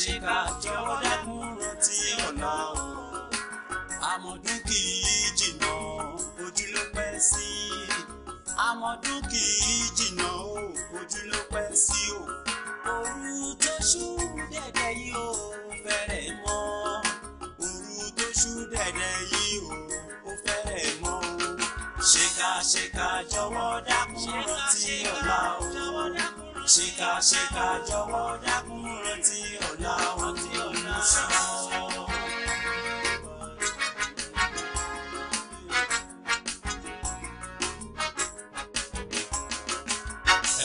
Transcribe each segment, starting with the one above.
ṣèkà jọ̀wọ́ dákun rántí ọ̀la o àmọ̀dún kì í jìnnà ojú ló pẹ́ sí àmọ̀dún kì í jìnnà o ojú ló pẹ́ sí o òru tó ṣú dẹ̀dẹ̀ yìí o fẹ́rẹ̀ mọ́ òru tó ṣú dẹ̀dẹ̀ yìí o ó fẹ́rẹ̀ mọ́ o ṣèkà ṣèkà jọ̀wọ́ dákun rántí ọ̀la o ṣèkàṣèkà jọ̀wọ́ dákun rántí ọ̀la wọn tí ọ̀la sàn.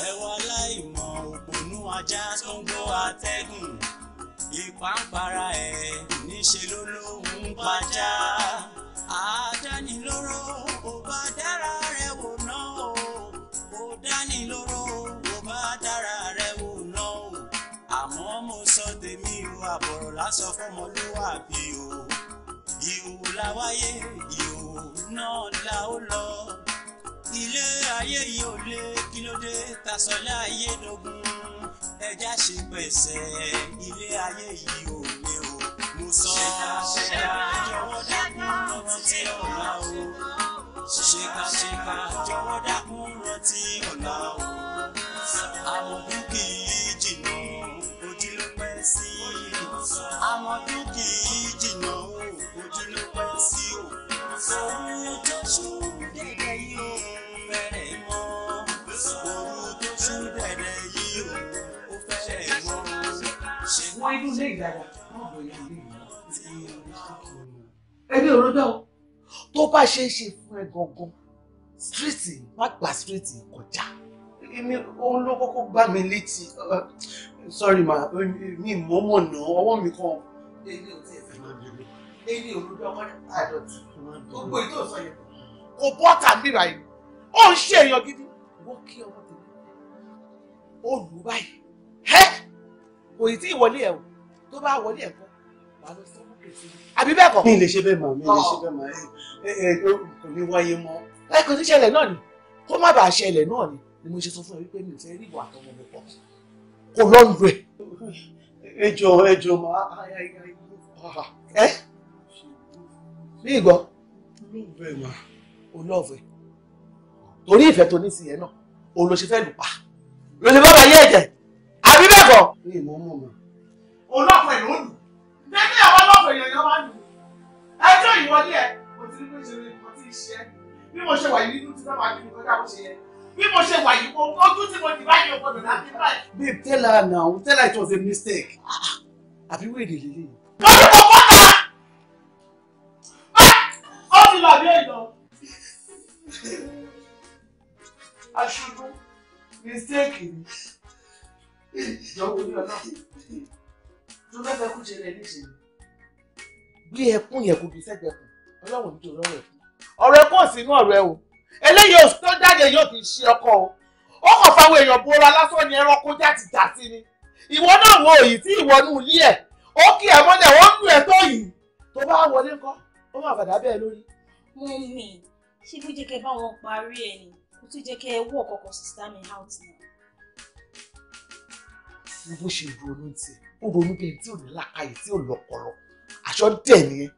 ẹwà láìmọ̀ òpònú ajá tó ń gbọ́ atẹ́gùn ìpàǹpara ẹ̀ níṣe ló lóhùn pajá àdánilóró ò bá dára rẹ̀ wò náà ò dánilóró. àbọ̀rọ̀ lásán fọmọlúwàbí o ìhòòhò la wáyé náà la ó lọ ilé ayé yìí ò lé kí ló dé ta ayé dogun ẹja ṣe pẹ̀sẹ̀ ilé ayé yìí ò lé o mo sọ ṣẹ̀dá jọ̀wọ́ dákun rántí ọ̀la o ṣèkàṣèkà jọ̀wọ́ dákun rántí ọ̀la o. àmọ́dún kì í jìnnà o ojú ló pẹ́ sí o sọ̀rọ̀ tó ṣú dẹ̀dẹ̀ yìí o fẹ́rẹ̀ mọ́ sọ̀rọ̀ tó ṣú dẹ̀dẹ̀ yìí o fẹ́rẹ̀ mọ́. wọ́n inú ilé ìdára ẹbí ò rọ́dọ̀ tó bá ṣe é ṣe fún ẹ gangan stíríìtì má gba stíríìtì kọjá èmi òun ló kọ́kọ́ gbá mi létí uh, sorry ma mi mọ̀ mọ̀ nà ọwọ́ mi kàn ilé ò tí ẹ fẹ́ máa bẹ̀rẹ̀ ilé olùdó ọmọ àdọ̀tí gbogbo ètò ìsọyẹ kò bọ́ tàbí ra yìí ó ń ṣe èèyàn gidi wọ́n kí ọmọ tèmi ó lù báyìí ẹ́ kò ì tí ìwọlé ẹ̀ o tó bá wọlé ẹ̀ kọ́ wà lọ sọ́kùn kìtì àbí bẹ́ẹ̀ kọ́. mi lè ṣe bẹ́ẹ̀ mọ̀ mi lè ṣe oh. bẹ́ẹ̀ mọ̀ ẹ ẹ kò ní wáyé mọ́. ẹ kò ní ṣẹlẹ̀ náà ni kó má bàa ṣẹlẹ̀ náà ni ni mo ṣe sọ fún ẹ wípé mi ò fẹ́ rí ìwà àtọmọ mi pọ̀ kò lọ́nu rẹ̀. ẹ jọ ẹ jọ máa ẹ ní ìgbọ́ o lọ́ọ̀fẹ́ torí ìfẹ́ tó ní sìyẹn náà o ló ṣe fẹ́ lù pa ló ṣe fẹ́ yé ẹ̀jẹ̀ àbí bẹ́ẹ̀ kọ́. ní ìmọ̀ mọ̀ mọ̀. olóòfẹ́ ló lù bẹ́ẹ̀ àwọn olóòfẹ́ yẹn yọ lù ẹjọ́ ìwọlé ẹ̀ mo ti rí pé ṣe ni mo ti bí mo ṣe wà yìí nínú ti fẹ́ máa kí mi kọjá bó ṣe yẹ bí mo ṣe wà yìí ojú tí mo dìbà yìí ògbọ́dọ̀ náà bí báyìí. babe tell her now tell her it was a mistake. àbí wèrè lélẹ̀. mo ní kò kọ́ ta. ó ti lọ bí èèyàn. aṣojú mistake ni ìjọba orí ọlá tó bẹ́ẹ̀ fẹ́ kú jẹ rẹ̀ níjẹ̀ gbé ẹkún yẹn kó bí sẹ́gbẹ̀ẹ́ kù ọlọ́run nítorí ọ̀rọ̀ ẹ̀kún ọ̀rọ̀ ẹ̀kún ò sínú ọ̀rọ̀ ẹ̀ o eléyìí ò tó jáde yóò fi ṣe ọkọ o ó kàn fáwọn èèyàn bora lásán ni ẹranko jáde dà sí ni ìwọ náà wo èyí tí ìwọ nù lí ẹ ó kí ẹ mọ́lẹ̀ ó nù ẹ tó yìí tó bá wọlé ńkọ́ ó máa fàdá bẹ́ẹ̀ lórí. mo mì ṣé bó jẹ́ kẹ́ bá wọn parí ẹ̀ ni kó tó jẹ́ kẹ́ ẹ wọ̀ kọ̀kọ̀ sísá mi out ni. mo bó ṣe ronú tí ó ronú bí ẹni tí ò ní làkàyè tí ò lọ́pọlọ àṣọ dẹ̀ nìyẹn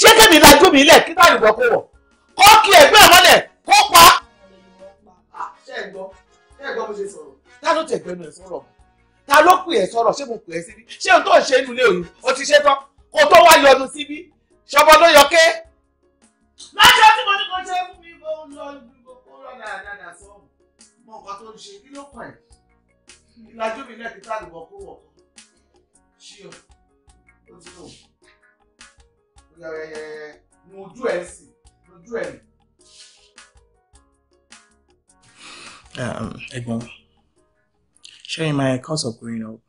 ṣé kébì lajú mi lẹ̀ kí táyì lọ kó wọ̀ kó kí ẹgbẹ́ ẹ mọ́lẹ̀ kó pa. Ah, ṣé ẹ gbọ́ ṣé ẹ gbọ́ mo ṣe sọ̀rọ̀ ta ló tẹ̀ gbẹnu ẹ̀ sọ̀rọ̀ ta ló pè ẹ́ sọ̀rọ̀ ṣé mo pè ẹ́ síbí ṣé ohun tó ń ṣe inú ilé òyìn o ti ṣe tán kó tó wá yọnu síbí ṣọbọ ló yọ ké. láṣọ tí mo ní kó ṣe fún mi mo ń lọ ju gbogbo rọ dáadáa sọ́ọ̀mù mọ nǹkan tó ń ṣe kí ló kàn ẹ́ ìlàjú mi lẹ́ẹ̀kí tá àlùbọ̀ kó wọ̀ ṣíọ ó ti lò ó yẹ mo ojú ẹ̀ sìn lójú ẹ̀. Um, ẹ̀gbọ́n sharing my cause of growing up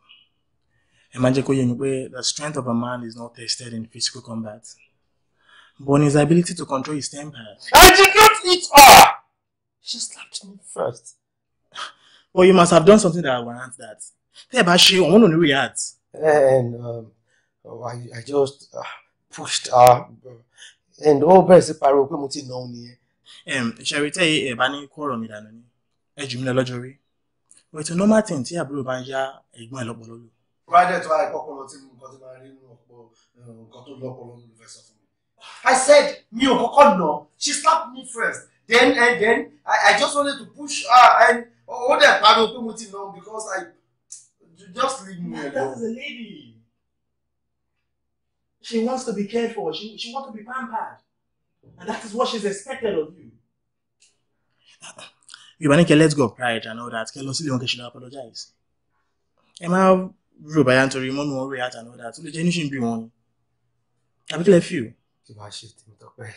ẹ máa jẹ́ kó yé mi pé the strength of a man is not tested in physical combat but his ability to control his temper. I did not hit her! She slapped me first. But you must have done something that warrants that. Tẹ́ ẹ bá ṣe, òun ò ní react. And um, I, I just uh, pushed her and ó bẹ̀rẹ̀ sí pariwo pé mo ti nà òun nìyẹn. ṣẹ̀rí tẹ́ ẹ bá ní kó ọ̀rọ̀ mi dànù ni ẹ jù mí lọ lọ́jọ́ rí but normal thing tí àbúrò bá ń yá ẹ̀gbọ́n ẹ̀ lọ́pọ̀ lọ́lọ́. rádẹ̀ tó àìkọ́ ọpọlọ tí mo kọ́ ti máa rí nínú ọ̀pọ̀ eh, nǹkan tó lọ́pọlọ ló fẹ́ sọ fún mi. I said mi ò kọ́kọ́ nà she slapped me first then and eh, then I, I just wanted to push her and ó dẹ̀ pariwo pé mo ti nà because I just leave me alone. That's the lady. She wants to be cared for. She, she wants to be pampered. And that is what she's expected of you. You ní kẹ́ let go of pride and all that kẹ́ lọ sílé wọn kẹ́ ṣe lọ apologize. Ẹ máa rò báyà nítorí mọ́mí wọn react and all that. Ó lè jẹ́ be one. ń bí wọn ni. Àbí kílẹ̀ fíw. Kí máa ṣe tèmi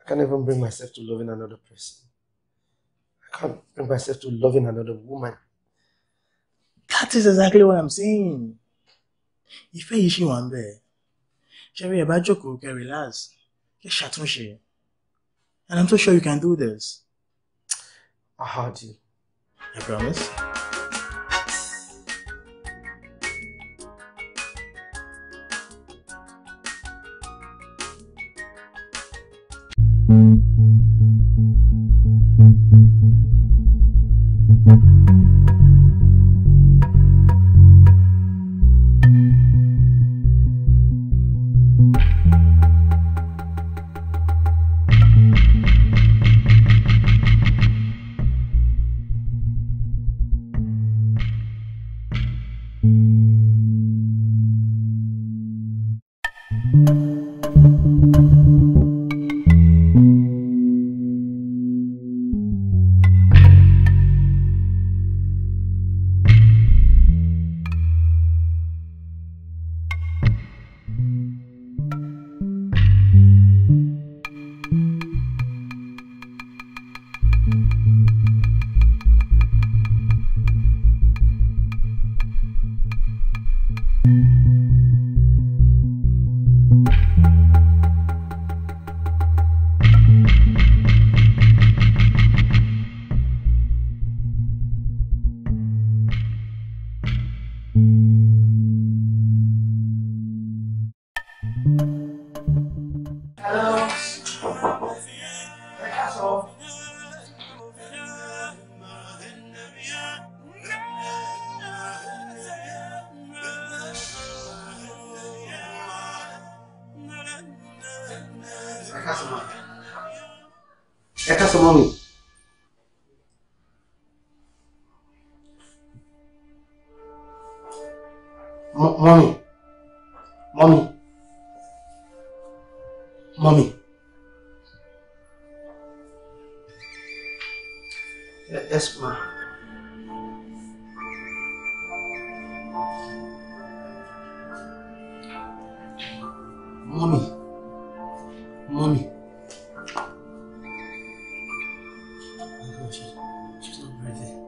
I can't even bring myself to loving another person. I can't bring myself to loving another woman. That is exactly what I'm saying ìfẹ́ yìí ṣì wà ń bẹ̀ ṣẹ́rí ẹ̀ bá jókòó kẹ́ relax kẹ́ ṣàtúnṣe and I'm so sure you can do this. I heard I promise. thank mm -hmm. you No, she, she's not breathing.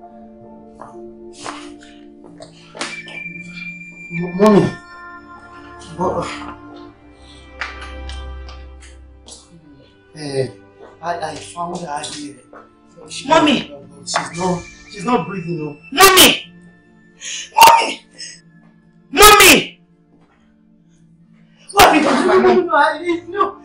mommy, what? uh, eh, I, I found her here. She, mommy, uh, she's not, she's not breathing. No. Mommy, mommy, mommy. What happened to my mom? No, no, I didn't know.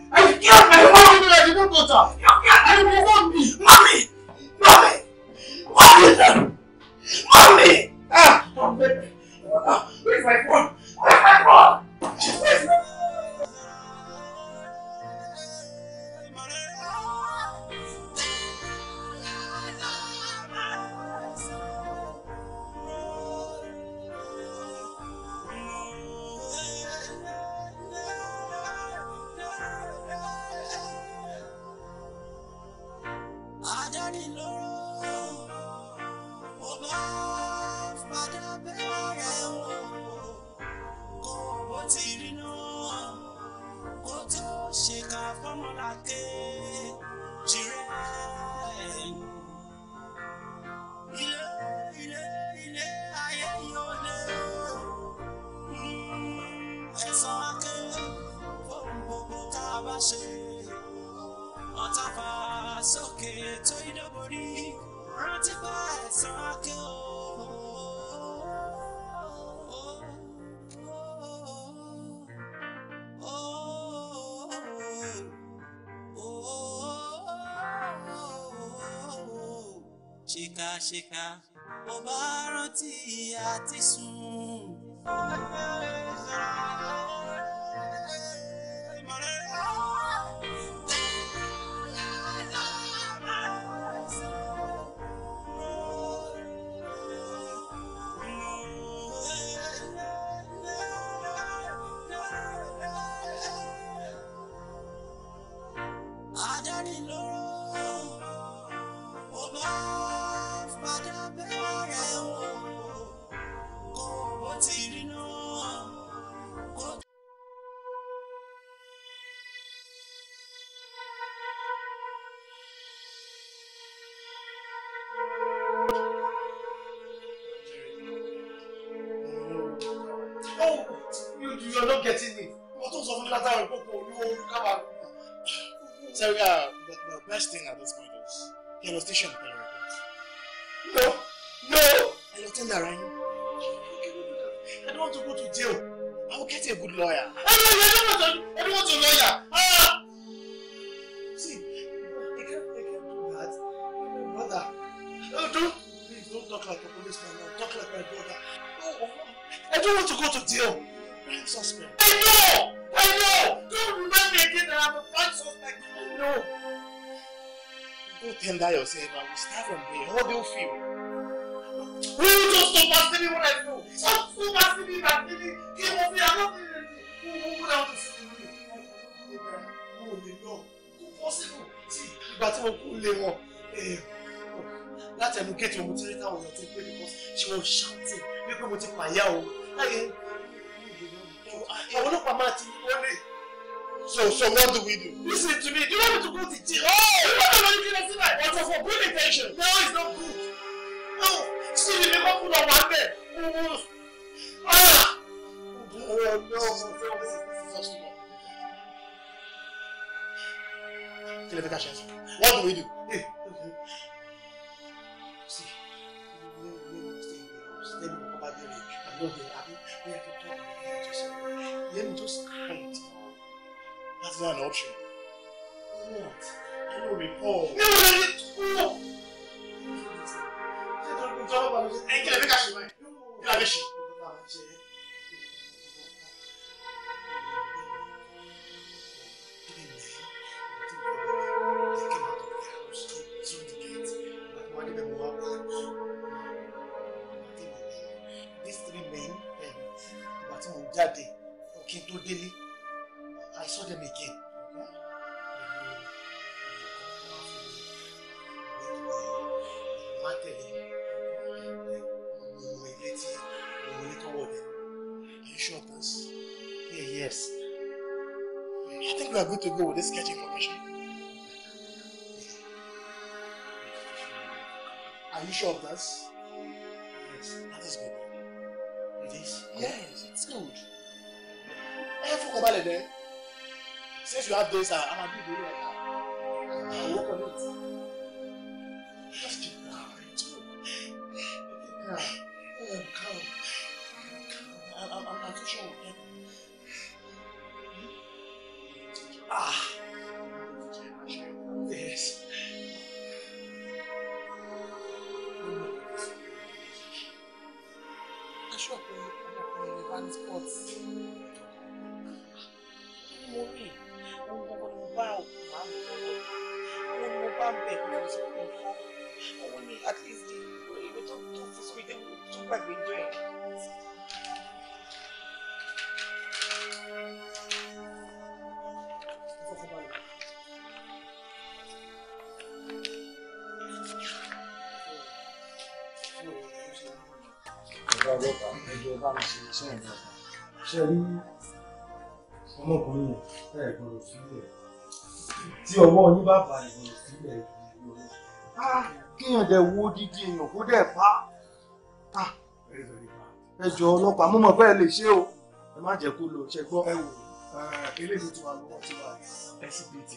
padà o àwọn ọlọ́pàá máa ti wọ́n lè. So, so what do we do? Listen to me. Do you want me to go to jail? Oh! You want me to go to jail? But for good intention. No, it's not good. No. Oh, see, you make put for one day. Ah! Oh, no. This is the first one. What do we do? Hey. Then just cry That's not an option. What? I don't recall. No, no, no, no! I don't recall. I don't recall. I don't recall. I don't recall. iṣẹ́ ìlú ọ̀gá ṣe rí ọmọkùnrin yẹn ẹ sílẹ̀ tí ọwọ́ yín bá bá ìgbọ́dọ̀ sílẹ̀ ìlú ah, kíyàn dẹ̀ wo dídí èèyàn kó dẹ̀ pa ah, ẹ jọ ọlọ́pàá mo mọ̀ pé lè ṣe o ẹ má jẹ́ kó lọ ṣe gbọ́. ẹ wò eh, eléyìí tí wàá lọ́wọ́ tí wàá ẹsibítì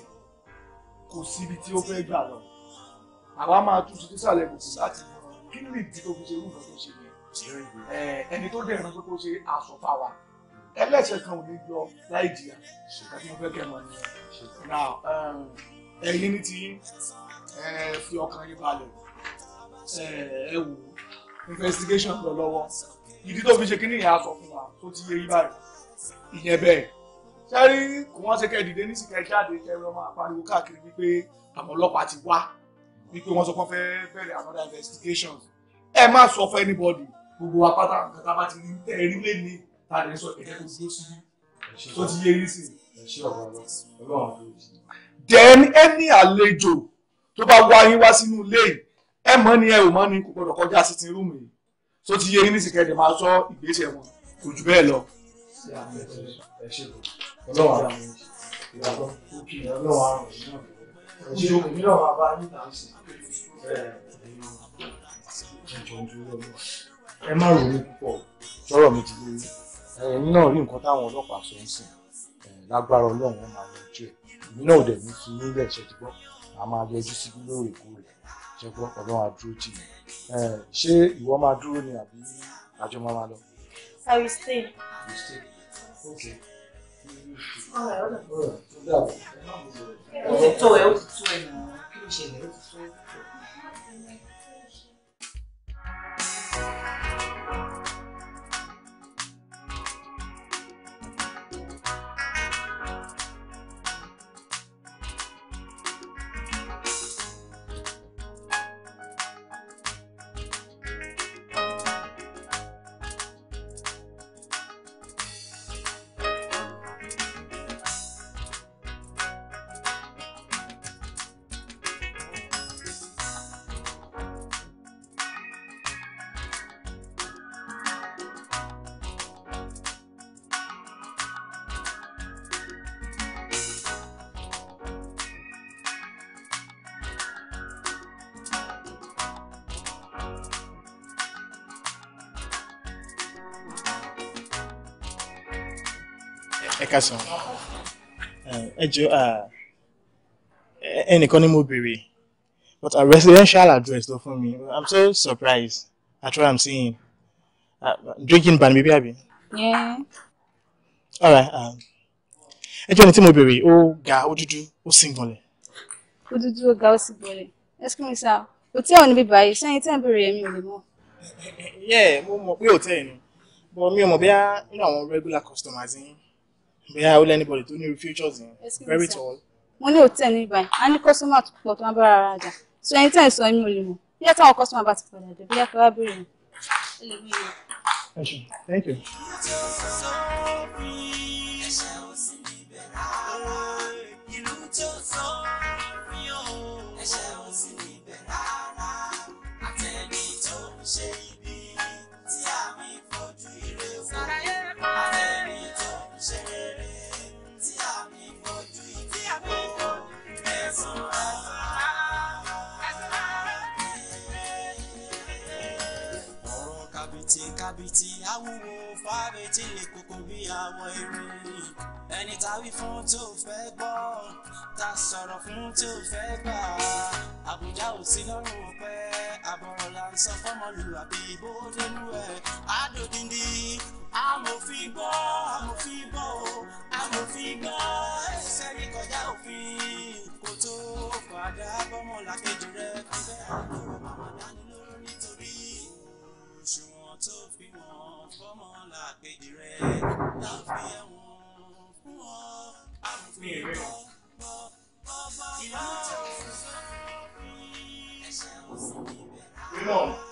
kò síbi tí ó fẹ́ gbà lọ àwa máa tún tuntun sàlẹ̀ kò sí láti kí ni ìdí tó fi ṣe irú tó ṣe ẹni tó dẹ̀ ẹran tó tó ṣe aṣọ fáwa ẹlẹ́sẹ̀ kan ò ní jọ láì jìyà ṣùgbọ́n tí fẹ́ kẹ́ mọ́ ni um, ẹ̀yin ní ti fi ọkàn yín balẹ̀ ẹ wò investigation lọ lọ́wọ́ ìdí tó fi ṣe kíní ìyá sọ fún wa tó ti yé yí báyìí ìyẹn bẹ́ẹ̀ sẹ́rí kò wọ́n ṣe kẹ́ dìde ní sìkẹ́ jáde kẹrin ọmọ àpariwo káàkiri wípé àwọn ọlọ́pàá ti wá wípé wọ́n sọ pé wọ́n fẹ́ bẹ̀rẹ̀ another investigation ẹ má sọ fún anybody gbogbo wa pátá nǹkan tá a bá ti rí tẹ ẹrí lé ní ta lè sọ ẹjẹ tó dúró sí tó ti yé rí sí. then any àlejò tó bá wá yín wá sínú ilé yìí ẹ mọ̀ ni ẹ ò mọ̀ ni kò gbọdọ̀ kọjá sitting room yìí tó ti yé yín nísìnyí máa sọ ìgbésẹ̀ wọn kò jù bẹ́ẹ̀ lọ. ọlọ́wọ́ àwọn ìyàtọ̀ òkè ọlọ́wọ́ àwọn ìyàtọ̀ ojú mìíràn máa bá yín náà sí ẹ má ronú púpọ̀ sọ̀rọ̀ mi ti lórí ẹ̀yin náà rí nǹkan táwọn ọlọ́pàá sọ ń sìn lágbára ọlọ́run wọn máa yanjú ẹ̀ èmi náà dẹ̀ ní fi nílẹ̀ ṣe ti gbọ́ màá máa yọjú síbí lóòrèkóòrè ṣe gbọ́ ọlọ́run àdúró tì mí ṣé ìwọ máa dúró ni àbí àjọ máa máa lọ. I will stay. I will stay. Okay. Ọ̀rẹ́ ọ̀rẹ́ ọ̀rẹ́ ó dàbọ̀. Ó ti tó ẹ̀ ó ti tó ẹ̀ nà kí ló ṣẹlẹ̀ ó ti tó ẹ̀. káàsán ẹ jọ ẹnìkan ni mo béèrè but a residential address ló fún mi i'm so surprised at what i'm seeing uh, drinking ban mi bí àbí. alright ẹ jọ ẹni tí mo béèrè ó ga ó dúdú ó sì ń gbọ̀nlẹ̀. ó dúdú ó ga ó sì gbọ̀nlẹ̀ excuse me sir hòtẹ́ẹ̀lì níbí báyìí sẹ́yìn tẹ́ ń béèrè ẹ̀mí ò lè mọ̀. yẹ́ẹ̀ mo mọ̀ pé hòtẹ́ẹ̀lì ni but mi ò mọ̀ bí i àwọn regular customers yín bẹ́ẹ̀ I lẹ́ni bọ̀dẹ̀ tó ní irú futures yẹn very tall. Money will tell anybody. báyìí a ní kọ́sọ́mà tó pọ̀ tó máa bára so ẹni tẹ́ ẹ̀ sọ ẹ̀mí ò lè mọ̀ bí ẹ táwọn kọ́sọ́mà bá ti padà dé bí ẹ fẹ́ wá béèrè mi. Thank you. Thank you. kòkò bí àwọn eré ẹni tá wí fún tó fẹ́ gbọ́ tá sọ̀rọ̀ fún tó fẹ́ gbà àbújá ò sí lọ́rùn pẹ́ àbọ̀rọ̀ là ń sọ fọ́mọlúwàbí bó dénú ẹ̀ àdòdìndì amòfin gbọ́ amòfin gbọ́ o amòfin gbọ́ ẹsẹ̀ rí kọjá òfin kò tó padà bọ́mọ làkejì rẹ̀ fẹ́ àgbẹ̀wò màmá dání nítorí òṣùwọ̀n tó fi wọ́n fọ́mọ làkejì rẹ̀ láfi ẹ̀wọ̀n fún ọ àfi bọ́ bọ́ bọ́ bọ́ bọ́ ẹ̀ṣẹ̀ òsì ìbẹ̀rẹ̀.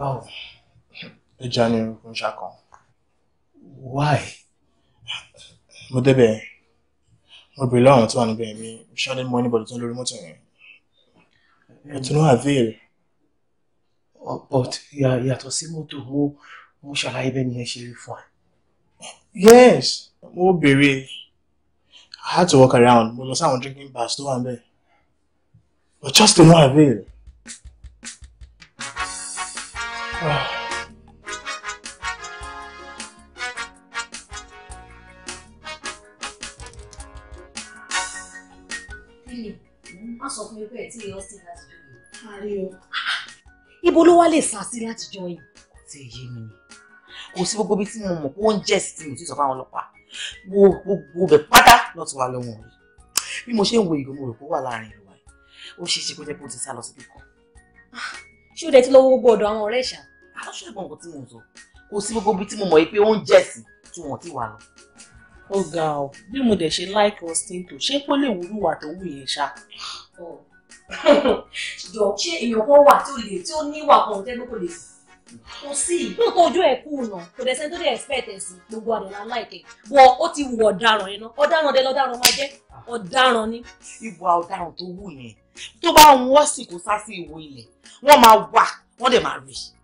Báwo? Ẹja ni orúkọ ń ṣàkàn. Why? Mo débẹ̀, mo bèrè lọ́rùn tí wà níbẹ̀ mi, ṣáde mọ anybody tó ń lórí mọ́tò yẹn. Ẹ̀tún náà avail. But yàtọ̀ sí mọ́tò, mo mo ṣàlàyé bẹ́ẹ̀ ni ẹ ṣe rí fún ẹ. Yes, mo bèrè. I had to walk around. Mo lọ sáwọn drinking bars tó wà níbẹ̀. But just to no avail má ah, ibo ló wá lè sá sí látijọ́ yìí. kò yé mi ni kò sí gbogbo ibi tí mo mọ̀ pé ń jẹ́ sí tí sọ fáwọn ọlọ́pàá wo gbogbo bẹ̀ pátá lọ́tún wa lọ́wọ́ rẹ̀ bí mo ṣe ń wo ìgò mo rò pé wà láàrin ìlú wa ó ṣe é ṣe kó jẹ́ pé ti sá lọ síbi kan. Ah, ṣé o dẹ̀ ti lọ wo gbogbo ọ̀dọ̀ àwọn ọ̀rẹ́ ìṣà aláṣẹ ìbọn nǹkan tí mò ń sọ kò sí gbogbo ibi tí mo mọ̀ yìí pé ó ń jẹ́ sí tí wọ́n ti wà lọ. ó ga ọ bí mo dẹ̀ ṣe láìkí Austin tó ṣé kó lè wúlò wà tó wù yẹn ṣá. jọ ṣé èèyàn kan wà tó lè tí ó níwà kan ò tẹ́gbẹ́ kò lè sí kò sí nǹkan ojú ẹ̀ kú nà kò dẹ̀ sẹ́ni dẹ̀ expect ẹ̀ sí gbogbo àdè la láìkẹ́ wọ ó ti wù ọ̀daràn yẹn náà ọ̀daràn dẹ̀ lọ́daràn máa jẹ́ ọ̀daràn ni. ìwà ọ̀daràn tó wù yẹn tó bá ń wọ́ sí kò sá sí ìwò ilẹ̀ wọ́n máa wà wọ́n dẹ̀ máa rí i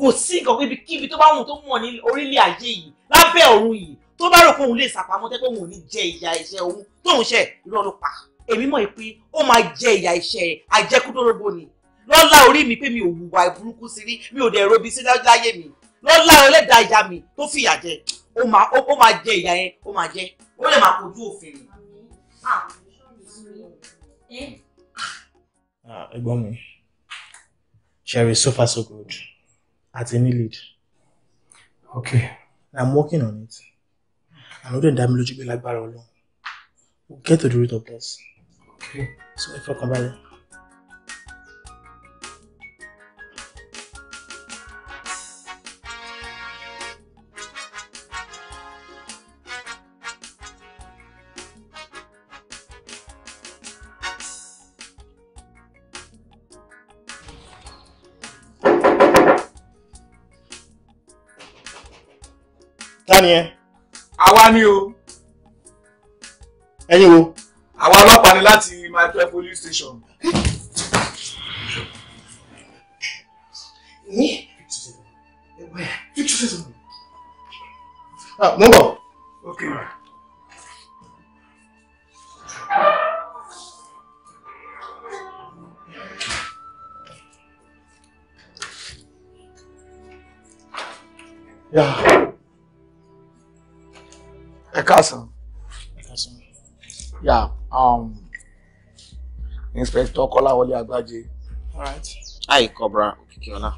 kò sí nǹkan pé ibikíbi tó bá wù tó mọ̀ ní orílẹ̀ ayé yìí lábẹ́ ọ̀run yìí tó bá rò pé òun lè sàpamọ́ tẹ́ pé òun ò ní jẹ ìyà iṣẹ́ òun tóun ṣe irọ́ pa èmi mọ̀ pé ó máa jẹ ìyà iṣẹ́ ẹ̀ ni lọ́lá orí mi pé mi ò wùwà burúkú sí rí mi ò dẹ̀ robi sí láyé mi lọ́lá ẹlẹ́dàá ìyá mi tó fìyà jẹ ó máa jẹ ìyà yẹn ó máa jẹ ó lè máa kojú òfin rẹ̀. Ah, mi ṣe rí so so good. At any lead. okay. and i'm working on it I know dẹ̀ dá mi lójú pé lágbára ọlọ́run We'll get to the root of this. okay. so ẹ fọkàn balẹ̀. wa ni o. ẹ̀yin wo. àwa ọlọ́pàá ni láti my police station. Ah, mo ń bọ̀. okay. Yeah kásán. Yeah, um, Inspector Kọ́láwọlé Agbájé. All right. Hi, Cobra Okikiola.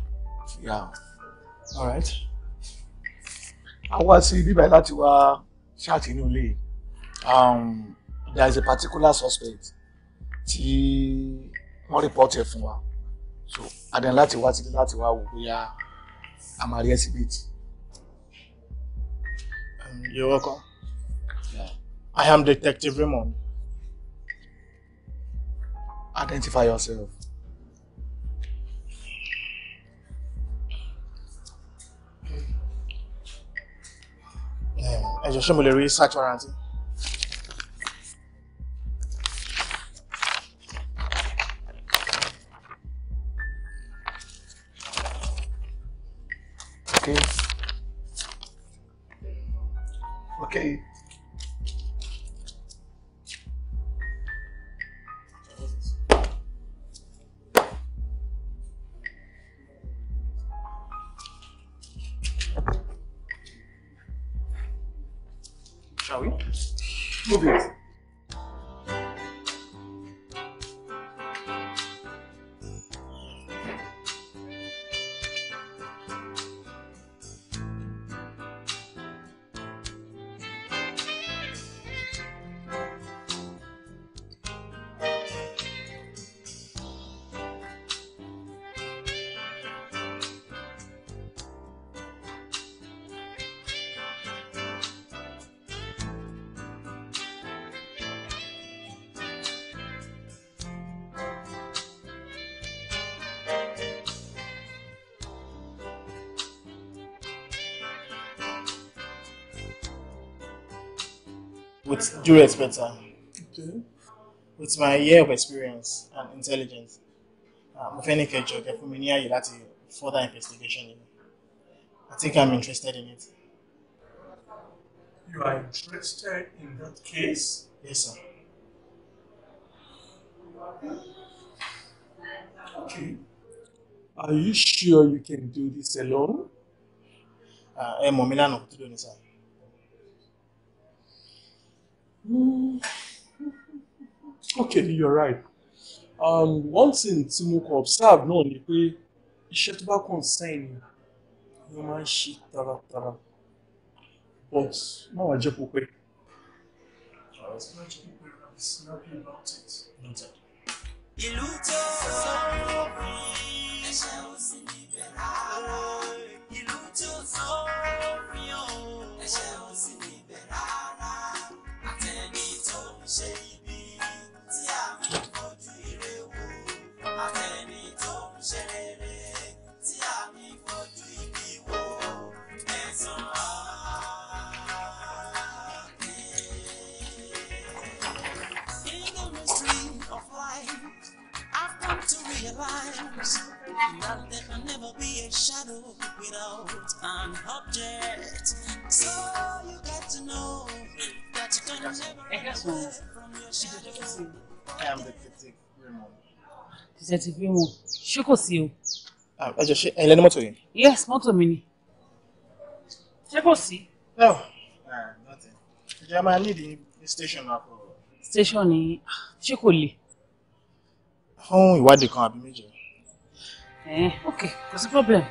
Yeah. All right. A wá sí bíbá láti wá ṣáàtì inú ilé. Um, there is a particular suspect tí wọ́n report ẹ̀ fún wa. So, I dẹ̀ láti wá sílé láti wá wò bóyá a máa rí ẹ̀sìbìtì. Um, you're welcome. Yeah. I am Detective Raymond. Identify yourself. Eh, ẹ jọ̀ọ́ ṣé mo lè rí search warrant? do it, her. Okay. With my year of experience and intelligence, I'm uh, fẹ́ ní kẹjọ kẹ fún mi ní further investigation I think I'm interested in it. You are interested in that case? Yes, sir. Okay. Are you sure you can do this alone? Uh, ẹ mọ̀ mi lánàá kó tó lónìí sáà. Mm. Okay, you're right. Um, one thing to mo observe náà ni pé iṣẹ́ tó bá concern you wọ́n máa ń ṣe taratara but má wàá jẹ́ kó pẹ́. ìlú tó sọ̀rọ̀ bí ẹ̀ṣẹ̀ ò sí níbẹ̀ rárá ìlú tó sọ̀rọ̀ bí ọ̀hún ẹ̀ṣẹ̀ ò. Now there can never be a shadow without an object. So you got to know that you can never run from your shadow. I am the critic, Raymond. Detective Raymond, ṣé kò sí I Ẹ jọ ṣe ẹ̀yin lẹ́nu mọ́tò yìí. Yes, mọ́tò to me. Ṣé kò sí? No, uh, nothing. Ǹjẹ́ máa ní the station now, Station ni Chikoli. kò le? Fún ìwádìí come àbí méjì. Eh, okay, kò sí problem.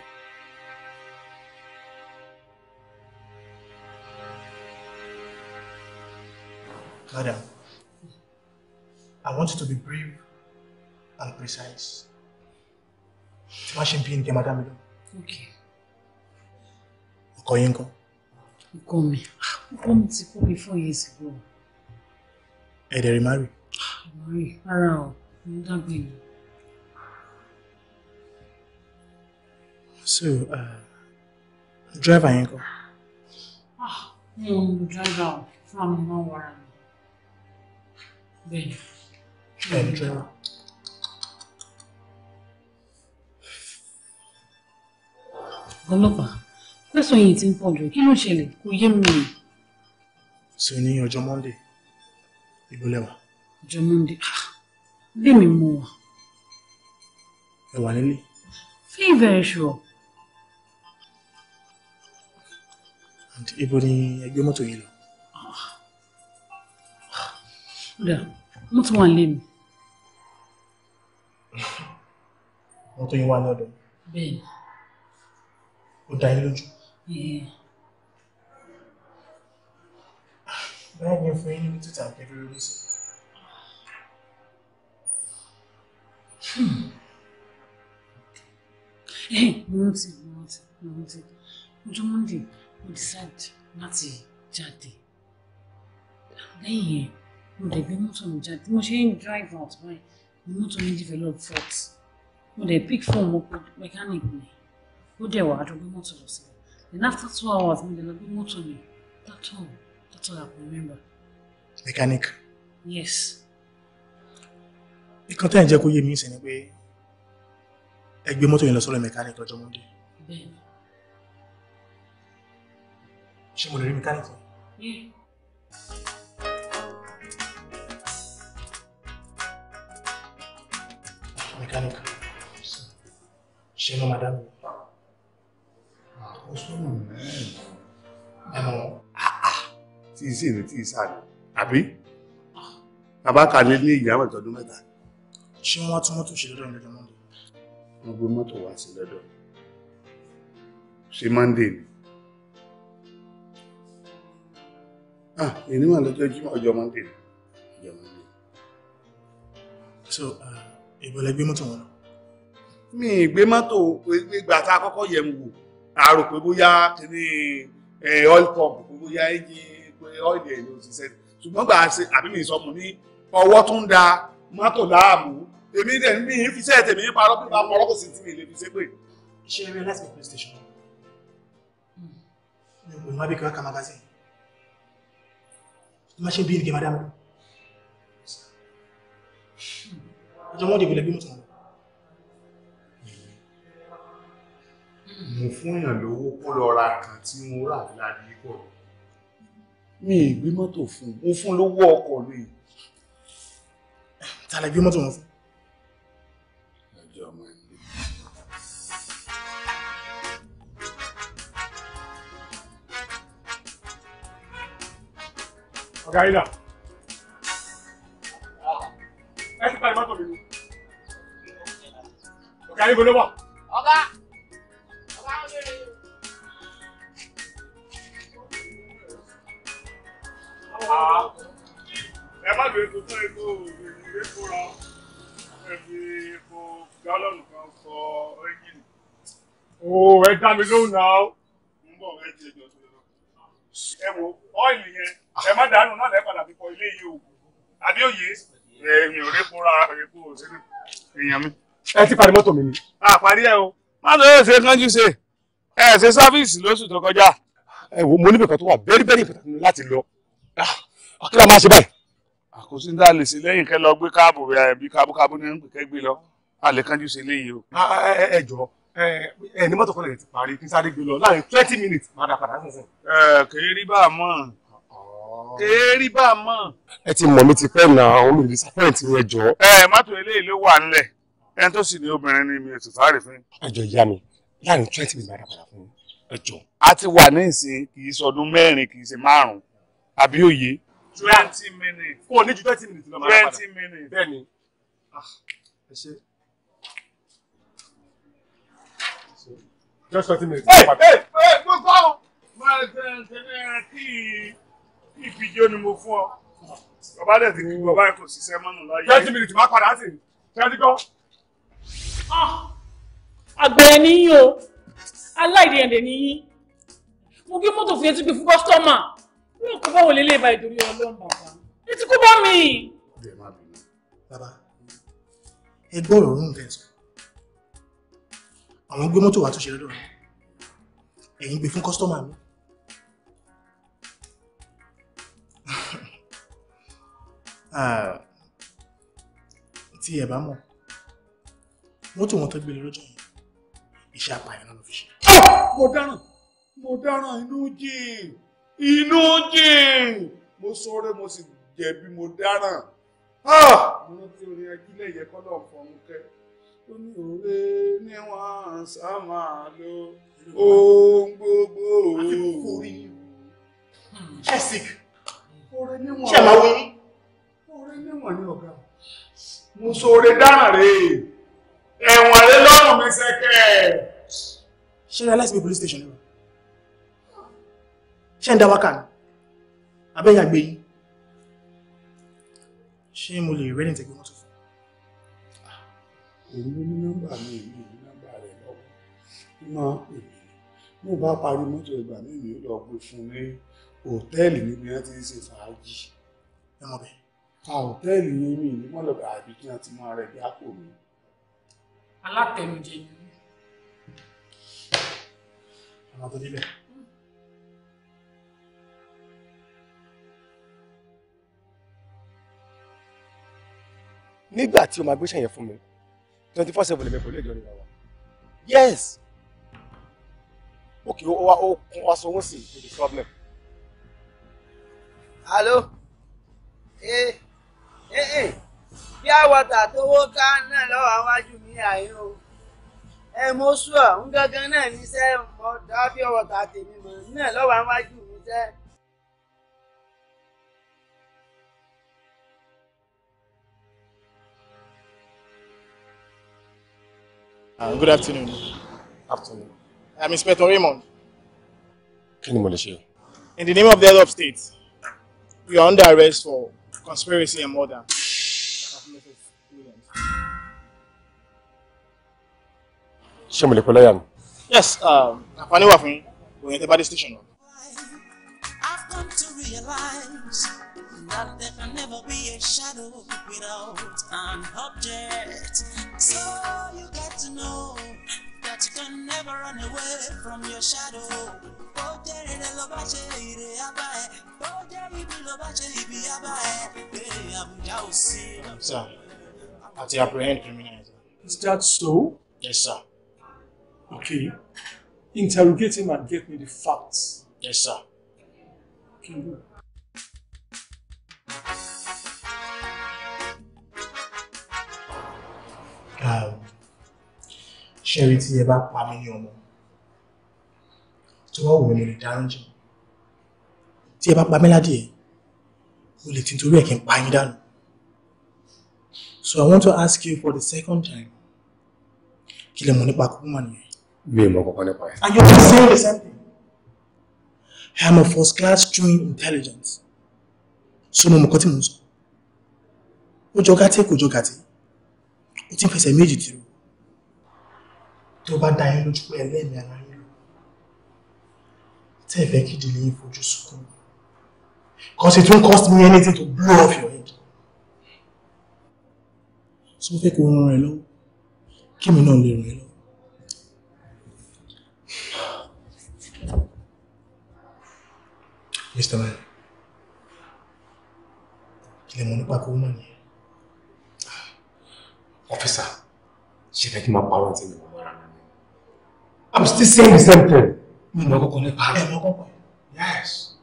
Madam, I want you to be brave and precise. Tí wọ́n ṣe ń bí ní madam Okay. Ọkọ yín kọ́. Ọkọ mi, ọkọ mi ti kú mi four years ago. Ẹ̀dẹ̀ they Mary. Mary, rárá o, mo dágbé So, uh, driver yẹn kọ. Ah, mi ò mú driver o, fún àwọn ọmọ wàrà mi. Bẹ́ẹ̀ni. Bẹ́ẹ̀ni driver. Ọlọ́pàá, pẹ́sàn yìí ti ń pọ̀ jù, kí ló ṣẹlẹ̀? Kò yé mi. Sọ ní ọjọ́ Monday, ìgbélẹ̀ wa. Ọjọ́ Monday, bí ah, mi mú wa. Ẹ wà nílé. very sure. ibo ni ẹgbẹ́ mọ́tò yìí lọ. ọ̀dà mọ́tò wà lé mi. mọ́tò yìí wà ní ọ̀dọ̀. bẹ́ẹ̀ni. ó dá yín lójú. báyìí ni fún yín ní títà kékeré lóṣù. Hey, mo rántí, mo rántí, mo rántí. Ojú Monday, mo decide láti jáde lẹ́yìn yẹn mo dẹ̀ gbé mọ́tò mi jáde bí mo ṣe ń drive out báyìí ni mọ́tò mi develop fault mo dẹ̀ pick phone mo pe mechanic mi ó dẹ̀ wà á dọ́ gbé mọ́tò lọ sílẹ̀ then after two hours mo dẹ̀ lọ gbé mọ́tò mi that's all that's all I can remember. mechanic. yes. nǹkan tẹ́ ẹ̀ ń jẹ́ kó yé mi sí ni pé ẹ gbé mọ́tò yẹn lọ sọ́dọ̀ mechanic lọ́jọ́ monday. bẹ́ẹ̀ni ṣé mo lè rí mẹkáníìkì? mẹkáníìkì ṣe ló máa dá mi. àkóso ah, nù mẹ́rin. ẹ mọ̀ wọn. Ah, ah. tí ì sí ìrìn tí ì sáà ni àbí bàbá kàlẹ́ ní ìyàwó ìtọ́dún mẹ́ta. ṣé wọ́n wá tún mọ́tò ṣe lọ́dọ̀ lọ́dọ̀ mọ́tò? wọ́n gbé mọ́tò wá sí lọ́dọ̀ ṣé Monday ni. ah èyí wà lọ́jọ́ jímọ̀ ọjọ́ monday ọjọ́ monday. so ìbọ̀lẹ̀ ah, gbé mọ́tò wọn lọ. mi ìgbé mọ́tò ìgbà tá a kọ́kọ́ yẹ̀ ń wò a rò pé bóyá kíní eh, oil pump bóyá engine pé oil ẹ̀ ló ṣiṣẹ́ ṣùgbọ́n gbà ṣe àbí mi sọ mọ̀ ní ọwọ́ tó ń da mọ́tò láàmú èmi dẹ̀ ní ìfisẹ́ tèmi parọ́ pé bá mọ́rọ́kọ̀ sí ti mi lè fi ṣe pé. ṣe realize my PlayStation. Hmm. mi ò mọ̀ wá bí kí wọ́n kà magazine mashin biyu ke madama jọmọ́ dìbò lẹ́bí mùsùn mais fún èèyàn lówó kó lọ ra nǹkan tí mo rà láti ikọ̀ mi ìgbé mọ́tò fún mo fún lówó ọkọ̀ mi tàlẹ̀gbé mọ́tò wọn fún ọ̀gá yìí dà ẹ ti parí mọ́tò mi ni ọ̀gá yìí gbọ́dọ̀ wà. ọ̀gá ọ̀gá ó lè. ẹ má lè tó tán epo epo ra ẹ fi epo gálọ́ọ̀nù kan ẹ má dànù náà lẹ́pàdà fi kọ ilé yìí o àbí òye èmi ò rí kóra èkó sínú èèyàn mi. ẹ ti parí mọ́tò mi ni. àparí ẹ o má lọ ṣe kánjú ṣe ẹ ṣe sáfíìsì lóṣù tó kọjá. ẹ wo mo níbi kan tó wà bẹ́rí bẹ́rí pàtàkì láti lọ ah, ah, kí la máa ṣe báyìí. àkóso ń dá lè ṣe lẹ́yìn kẹ́ lọ gbé káàbù rẹ̀ bí kábúkábú ní pẹ̀kẹ́ gbé lọ a lè kánjú ṣe léyìí o. Ah, ẹ jọ̀ọ́ ẹ ní mọ́tò kan lè ti parí kí n sáré gbé lọ láàrin twenty minutes padà padà sísìn. ẹ kì í rí bá a mọ̀ èrí bá a mọ̀. ẹ ti mọ̀ mi ti pẹ́ na omi disappoint yẹn jọ. ẹ mọ́tò eléyìí ló wà nílẹ̀ ẹni tó sì ní obìnrin ni mi ò sì sáré fún yín. ẹjọ ìyá mi láàrin twenty minutes máa padà fún ẹjọ. a ti wà ní ìsìn kì í sọdún mẹ́rin kì í ṣe márùn-ún àbí òye. twenty minutes. kò ní ju twenty minutes lọ máa twenty minutes. bẹ́ẹ̀ni ah, ẹ ṣe. just twenty minutes. ẹ ẹ ẹ gbogbo máa tẹ̀ tẹ̀ ní ẹ kí i ìfijó ni mo fún ọ bàbá dẹ̀ ti ní bàbá kò ṣiṣẹ́ mọ́nà láyé. twenty minutes máa padà sí twenty kan. Ah! àgbẹ̀rẹ̀ níyìn o aláìdẹ̀ẹ̀dẹ̀ níyìn mo gbé mọ́tò fún etí gbé fún kọ́sítọ́mà mi ò kó bá wọlé lè ìdórí ọlọ́run bàbá etí kó bá mi. bàbá ẹ gbọ́ ọ̀rọ̀ ọ̀run tẹ̀ sọ àwọn gbé mọ́tò wa tó ṣe lọ́dọ̀ rẹ̀ ẹ̀yin gbé fún kọ́sítọ́mà mi Ah, tí ẹ bá mọ̀ mọ́tò wọn tó gbé lọ́jọ́ yẹn iṣẹ́ apààyàn náà ló fi ṣe. Ah! mo dáràn mo dáràn inú jìn inú jìn mo sọ̀rọ̀ mo sì jẹ̀bi mo dáràn ah! mo rántí orin ajílẹ̀ yẹ kọ́lọ̀ fọ́nrún kẹ́ ó ní òwe níwọ̀n sá máa lo ohun gbogbo. àfi kò rí ṣe máa wí ní. oore níwọ̀n ni ọ̀gá mo sóore dáràn rè ẹ̀wọ̀n rẹ lọ́rùn mi sẹ́kẹ̀. ṣé realize me police station lẹ́wọ̀n ṣé ń dá wákà ni abẹ́yà gbé yín ṣé mo lè rẹ́ni tẹ̀gbẹ́ mọ́tò fún. èmi ló ní nọ́mbà mi èmi ní nọ́mbà rẹ̀ lọ́wọ́ mọ́ èmi mo bá parí mọ́tò ìgbà mi mi ò lọ gbé fún un ní òtẹ́ẹ̀lì níbi wọ́n ti ń ṣe fàájì ẹmọ bẹ́ẹ̀ ka òtẹ́ẹ̀lì yẹn mi ní mọ́lọ̀bẹ̀ àbí kí wọ́n ti máa rẹ̀ bí àpò mi. alátẹnujẹ ni. àwọn tó débẹ̀. nígbà tí o máa gbéṣẹ́ yẹn fún mi twenty four seven lè mẹ́fọ́ lẹ́jọ́ ni wàá yes òkè ó wá ó kún wá sọ wọ́n sì ní the problem. Alo. Eh. Eh eh. Pure water tó wó ká náà lọ́wọ́ iwájú mi àyín o. Ẹ mo sùn ọ̀ ń gangan náà níṣẹ́ mọ dá pure water tèmi mọ̀ náà lọ́wọ́ iwájú mi sẹ́. Uh, good afternoon. Afternoon. I'm Inspector Raymond. Kí ni mo lè ṣe? In the name of the head of state, You are under arrest for conspiracy and murder. Ṣé mo lè pẹ́ lọ́yà Yes, um, àǹfààní wà fún òyìn tẹ́ bá station I've come to realize that there can never be a shadow without an object. So you get to know that you can never run away from your shadow. Bóde rere ire abá ẹ̀, ibi ló ibi abá ẹ̀, pé Àbújá ò sí. Sir, apprehend criminal. Is that so? Yes, sir. Okay. Interrogate him and get me the facts. Yes, sir. Okay, good. Um, ṣẹ́rí tí ẹ bá pa mí ní ọmọ tí wọ́n wò ní ìdáríjì tí ẹ bá pa mí ládìẹ o lè ti so i want to ask you for the second time Kill lè money back kúkúmà nìyẹn. mi ò and you are saying the same thing i a first class trained intelligence so no mọ̀ kọ́ tí mo ń sọ ó jọ gàtẹ́ kò jọ gàtẹ́ ó tó bá dá yín lójú pé ẹlẹ́mìí ara yín lò tẹ́ ẹ kí ìdílé yín fojú sunkún because it won't cost me anything to blow off your head so mo fẹ́ kó ràn ẹ́ lọ́wọ́ kí mi náà lè ràn ẹ́ lọ́wọ́. Mr. Man, ilé mọ̀ nípa kó mọ̀ nìyẹn. Ọ́físà, ṣe fẹ́ kí n máa pa wá tí I'm still saying the same thing. Mi ò Yes.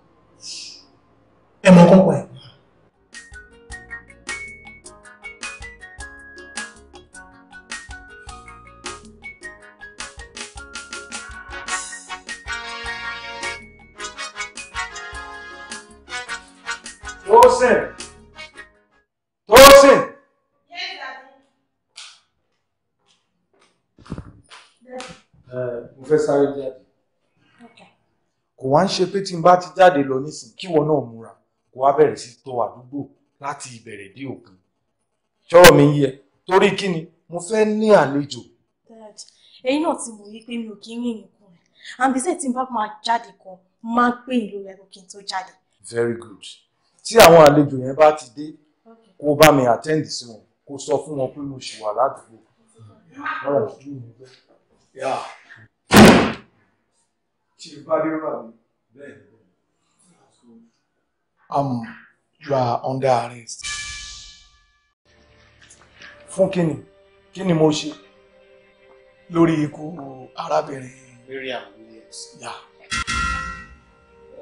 wá ń ṣe pé tí n bá ti jáde lọ nísìn kí wọn náà múra kó wá bẹ̀rẹ̀ sí tọ àdúgbò láti ìbẹ̀rẹ̀ dé òpin ṣọ́rọ̀ mi yẹ torí kí ni mo fẹ́ ní àlejò. ẹ̀yin náà ti wòye pé mi ò kí ń rìn ìrìnkùn rẹ̀ àǹbíṣẹ́ tí n bá máa jáde kan máa ń pè ìlú rẹ̀ kí n tó jáde. very good tí àwọn àlejò yẹn bá ti dé kó bá mi attend sí wọn kó sọ fún wọn pé mo ṣì wà ládùúgbò. Yeah. Chief Badi Rabi. Um, you are under arrest. Fún kíni? Kíni mo ṣe lórí ikú arábìnrin? Miriam Williams. Yà.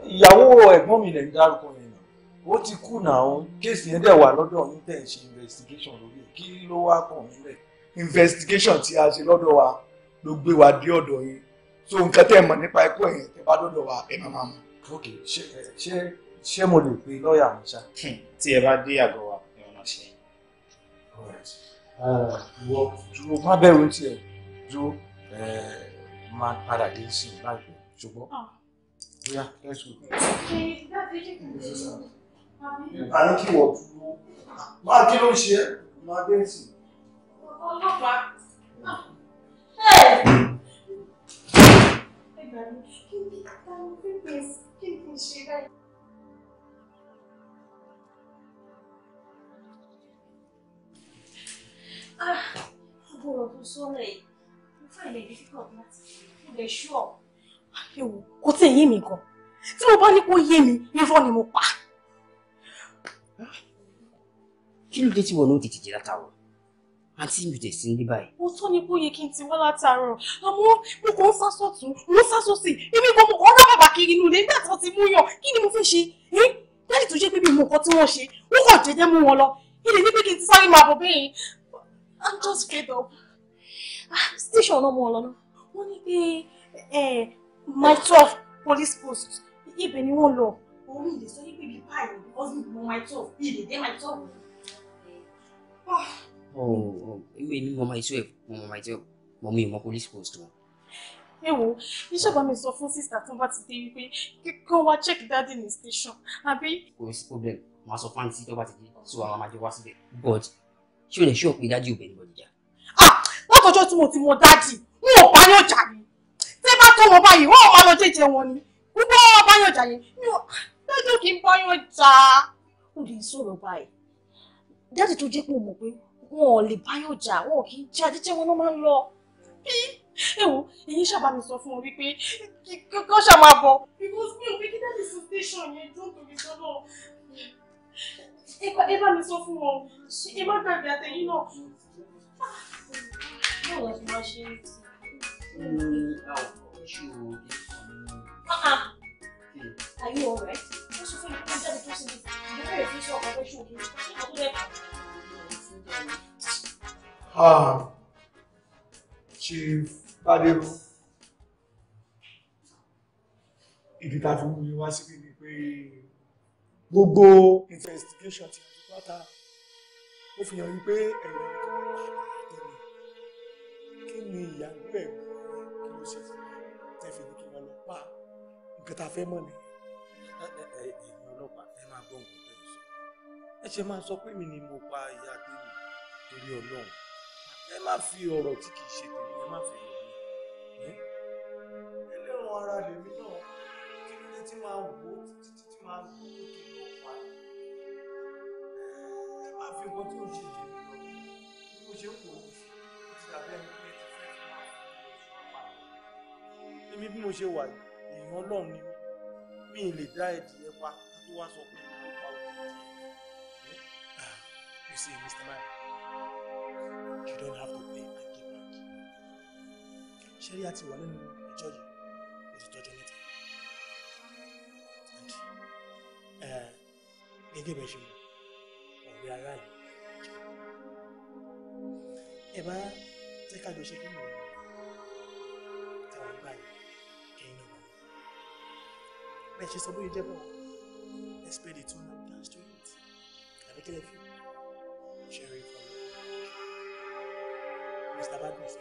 Ìyàwó ẹ̀gbọ́n mi lẹ̀ ń dárúkọ yẹn nà. Ó ti kú náà o. Kéèsì yẹn dẹ̀ wà lọ́dọ̀ yín tẹ̀ ń ṣe investigation lórí ẹ̀. Kí ló wá kàn nílẹ̀? Investigation tí a ṣe lọ́dọ̀ wa ló gbé wa dé ọ̀dọ̀ yín so nǹkan tẹ́ mọ̀ nípa ẹ̀kọ́ ẹ̀yìn tẹ́ bá dọ́dọ̀ wa ẹ máa mọ̀. ok ṣé ṣé ṣé mo lè pe lọ́ọ̀yà mi ṣá. Hmm, tí ẹ bá dé àgọ́ wa ni wọ́n máa ṣe. Eh, ìwọ dúró má bẹ̀rù ń tiẹ̀ dúró eh, máa padà dé sí i láìpẹ́ ṣùgbọ́n ah. bóyá lẹ́sùn. àní kí wọ́n dúró máa kí ló ń ṣe máa dé sí i. ọlọ́pàá. Ah vermiş. Ah, bu ọ̀rọ̀ tó sọ rẹ̀ yìí, mo difficult láti mo lè ṣú ọ̀. Ayẹ̀wò, kò tí ì yé mi gan. Tí mo bá ní kó yé mi, irọ́ ni mo pa. Kí ló dé àǹtí mi ò dẹ̀ sí ní báyìí. mo tọ́ ni bó yẹ kí n ti wá látàárọ̀ àmọ́ mo kàn ń sá sọ́tún mo ń sá sósì èmi gan mo kàn ń rá bàbà kiri inú ilé nígbà tí wọ́n ti mú yàn kí ni mo fẹ́ ṣe ẹ́ láti tó jẹ́ pé mi mọ nǹkan tí wọ́n ṣe wọ́n kàn jẹ́jẹ́ mú wọn lọ ilé ní pé kí n ti sáré máa bọ̀ bẹ́ẹ̀ I'm just fed up. Ah, station ọmọ ọlọ́nà wọ́n ní pé my twelve police post ibẹ̀ ni wọ́n lọ. orí ìlẹ̀ sọ yí pé bíi báyìí because mi mọ my twelve ilẹ̀ dé my Oh, oh! èmi Mama is mo Mama is mo Mommy, mọ police post Hey, ẹ wo iṣẹ́ bá mi sọ fún sísà tó bá ti dé wípé check daddy in the station àbí. kò sí problem màá sọ fáǹtì tó bá ti dé sí wàá máa jẹ wá but she o lè ṣe òpin dájú òbẹ̀ níbọn ìjà. Ah! látọjọ́ tí mo ti mọ dáàdì mi ò parí ọjà mi tí bá tó wọn báyìí wọn ò máa lọ jẹjẹ wọn ni gbogbo wọn bá yànjà yẹn mi ò dájú kì í bá yànjà. Who lè sọ̀rọ̀ báyìí dáàdì tó jẹ́ pé o mọ̀ wọn ò lè báyọ̀ jà wọn ò kì í jà jíjẹ́ wọn ló máa ń lọ. bí ewu èyí ṣàbá mi sọ fún wọn wípé kọ́ ṣà máa bọ̀. because mi ò fi kí dáàbì sí station yẹn dúró torí sọ́nà ẹ bá mi sọ fún wọn ẹ má gbàgbé àtẹ̀yìn náà. báwo la ṣe máa ṣe é. Uh-uh. Are you alright? What's your phone? I'm going to go to the very official official um, Chief Bádéró ìdí tá a fi mú mi wá síbí ni pé gbogbo investigation ti àti pátá ó fi hàn wípé ẹ̀rọ nìkan wà lẹ́yìn kí ni ìyàwó ẹ̀ kí ló ṣe fún mi tẹ́fì ní kí wọ́n lọ pa nǹkan tá a fẹ́ mọ̀ ni. ẹ̀yin ọlọ́pàá ẹ máa gbọ́ nǹkan tẹ́ ẹ sọ ẹ ṣe máa sọ pé mi ni mo pa ìyá àdéhùn torí ọlọ́run ẹ má fi ọ̀rọ̀ tí kì í ṣe tèmi ẹ má fi yọ̀ mí ẹlẹ́rùn ara lèmi náà kí ló dé tí máa wò ó títí tí máa gbówó kí ló pa ẹ má fi nǹkan tí ò ń ṣe jèmi lọ bí mo ṣe ń wò ó sí ti abẹ́ mi pé ti fẹ́ fi máa fi ọ̀pá èmi bí mo ṣe wà yìí èèyàn ọlọ́run ni mí mi lè dá ẹ̀dìyẹ pa tó wá sọ pé mo pa òkè díẹ̀. you see mr man you don't have to pay and give back. ṣẹ́rí àti wà nínú ẹjọ́ yìí ó ti tọ́jọ́ mẹ́ta and gẹ́gẹ́ bẹ́ẹ̀ ṣe mọ̀ ọ̀rẹ́ ara yìí ẹ bá jẹ́ ká jọ ṣe kí nìyẹn táwọn gbà yìí kẹ́yìn náà bẹ́ẹ̀ ṣe sọ bóyá jẹ́ bọ̀ expect a turn and dance to it àbíkẹ́lẹ́ fi ṣe rí fún. Mr. Badmus.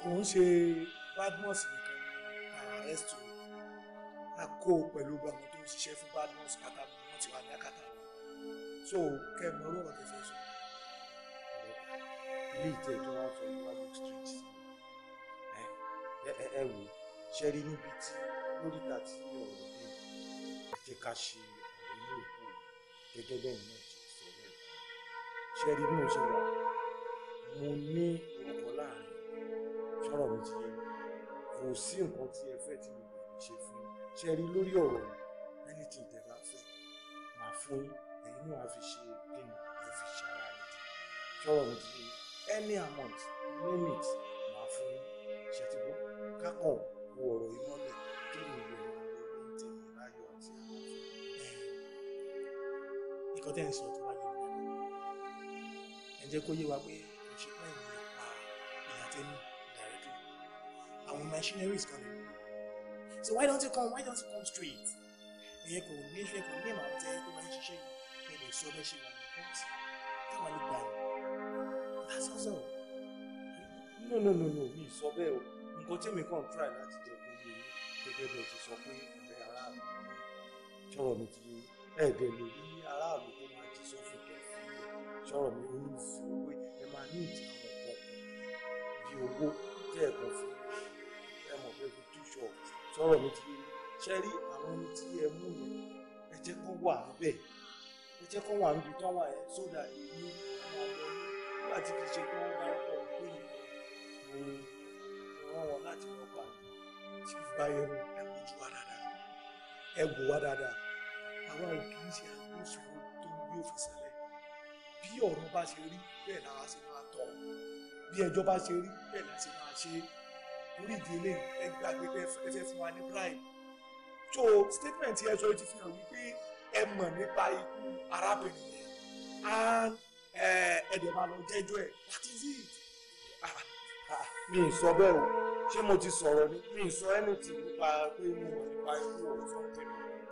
kò ń ṣe Badmus nìkan ààrẹ tó a kó pẹ̀lú gbàgbọ́n tó ń ṣiṣẹ́ fún Badmus kàtà wọn ti wà ní àkàtà so kẹ́ ẹ̀ mọ́ ọ̀rọ̀ tẹ̀ fẹ́ sọ. ilé ìtẹ́ tó wá sọ iwájú street ẹ ẹ wò ṣẹ́rí níbi tí lóríta tí ọ̀rọ̀ dé jẹ́ ṣe gẹ́gẹ́ bẹ́ẹ̀ náà ti sọ bẹ́ẹ̀ ṣe rí bí mo ṣe wà mo ní ọkọ láàrin sọ̀rọ̀ mi ti yé kò sí nǹkan tí ẹ fẹ́ tí mo lè ṣe fún yín ṣe rí lórí ọ̀rọ̀ ẹni tí ìtẹ̀ bá fẹ́ máa fún yín ẹ̀yin náà á fi ṣe kíni ẹ fi ṣe ara rẹ̀ sọ̀rọ̀ mi ti yé any amount no máa fún yín ṣe ti gbọ́ kákan wo ọ̀rọ̀ yìí mọ́lẹ̀. nǹkan tẹ́ ń sọ tó wáyé mi dáadáa ẹ jẹ́ kó yé wa pé kò ṣe pé ìwé pa ìyàtẹ́nu directly àwọn machineries kan nìyẹn so why don't you come why don't you come straight ẹ̀yẹ kò ní ṣe kò ní ìmọ̀ àti ẹ̀yẹ tó máa ń ṣiṣẹ́ yìí lè sọ bẹ́ẹ̀ ṣe wà ní pọ́ǹsì táwọn lè gbà yìí that's no no no no mi sọ bẹ́ẹ̀ o nǹkan tí mi kàn try láti jẹ́ kó yé gẹ́gẹ́ bí ti sọ pé ọ̀rẹ́ aráàlú ṣọ̀rọ̀ mi ti yé ẹ̀dẹ̀ lórí aráàlú tó máa ti sọ́fún fún mi sọ̀rọ̀ mi ó ń fi owó ẹ máa ní ìdí àwọn ọkọ̀ bí owó tí ẹ̀gbọ́n fún ẹ mọ̀ pé fi tú ṣọ mi ti ṣẹ́ àwọn ẹni tí ẹ mú yẹn ẹ jẹ́ kó wà níbẹ̀ ẹ jẹ́ kó wà níbi tán wà yẹn sódà èmi àwọn ọmọ láti fi ṣe kí wọ́n dárúkọ pé mo rán wọn láti lọ pa tí bá yẹn mú ẹ wojú wa dáadáa ẹ wò wá dáadáa àwa ò ṣe àwọn tó ń gbé òfin sẹ́lẹ̀ bí ọ̀rọ̀ bá ṣe rí bẹ́ẹ̀ la ṣe máa tọ̀ bí ẹjọ́ bá ṣe rí bẹ́ẹ̀ la ṣe máa ṣe lórí ìdílé ẹgbàgbé ẹfẹ́ fún wa ní bribe so statement yẹn sọ ti fi hàn wípé ẹ mọ̀ nípa ikú arábìnrin yẹn and ẹ̀ẹ́dẹ̀ máa lọ jẹ́jọ́ ẹ̀ that is it. Ah, ah, mi ì sọ bẹ́ẹ̀ o ṣé mo ti sọ̀rọ̀ ni mi ì sọ anything nípa pé mo mọ̀ nípa ikú ọ̀sán tẹ̀lé.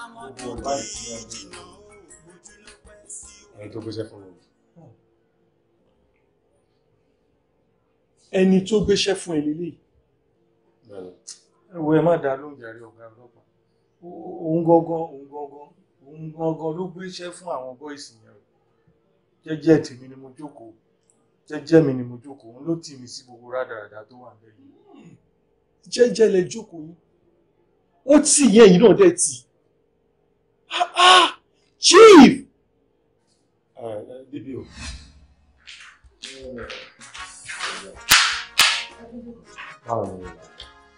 ẹni tó gbéṣẹ́ fún mi. ẹni tó gbéṣẹ́ fún ẹ lélẹ̀. ẹ̀wọ̀ ẹ má dá lóhùn jàre ọ̀gá ọlọ́pàá òun gangan òun gangan òun gangan ló gbéṣẹ́ fún àwọn bọ́ìsì yẹn o jẹ́jẹ́ tèmi ni mo jókòó jẹ́jẹ́ mi ni mo jókòó òun ló tì mí sí gbogbo rádaràda tó wà nílẹ̀ yìí. jẹ́jẹ́ lẹ jókòó ó tì yẹn yìí náà dẹ̀ tì í ah ah chief. débi o.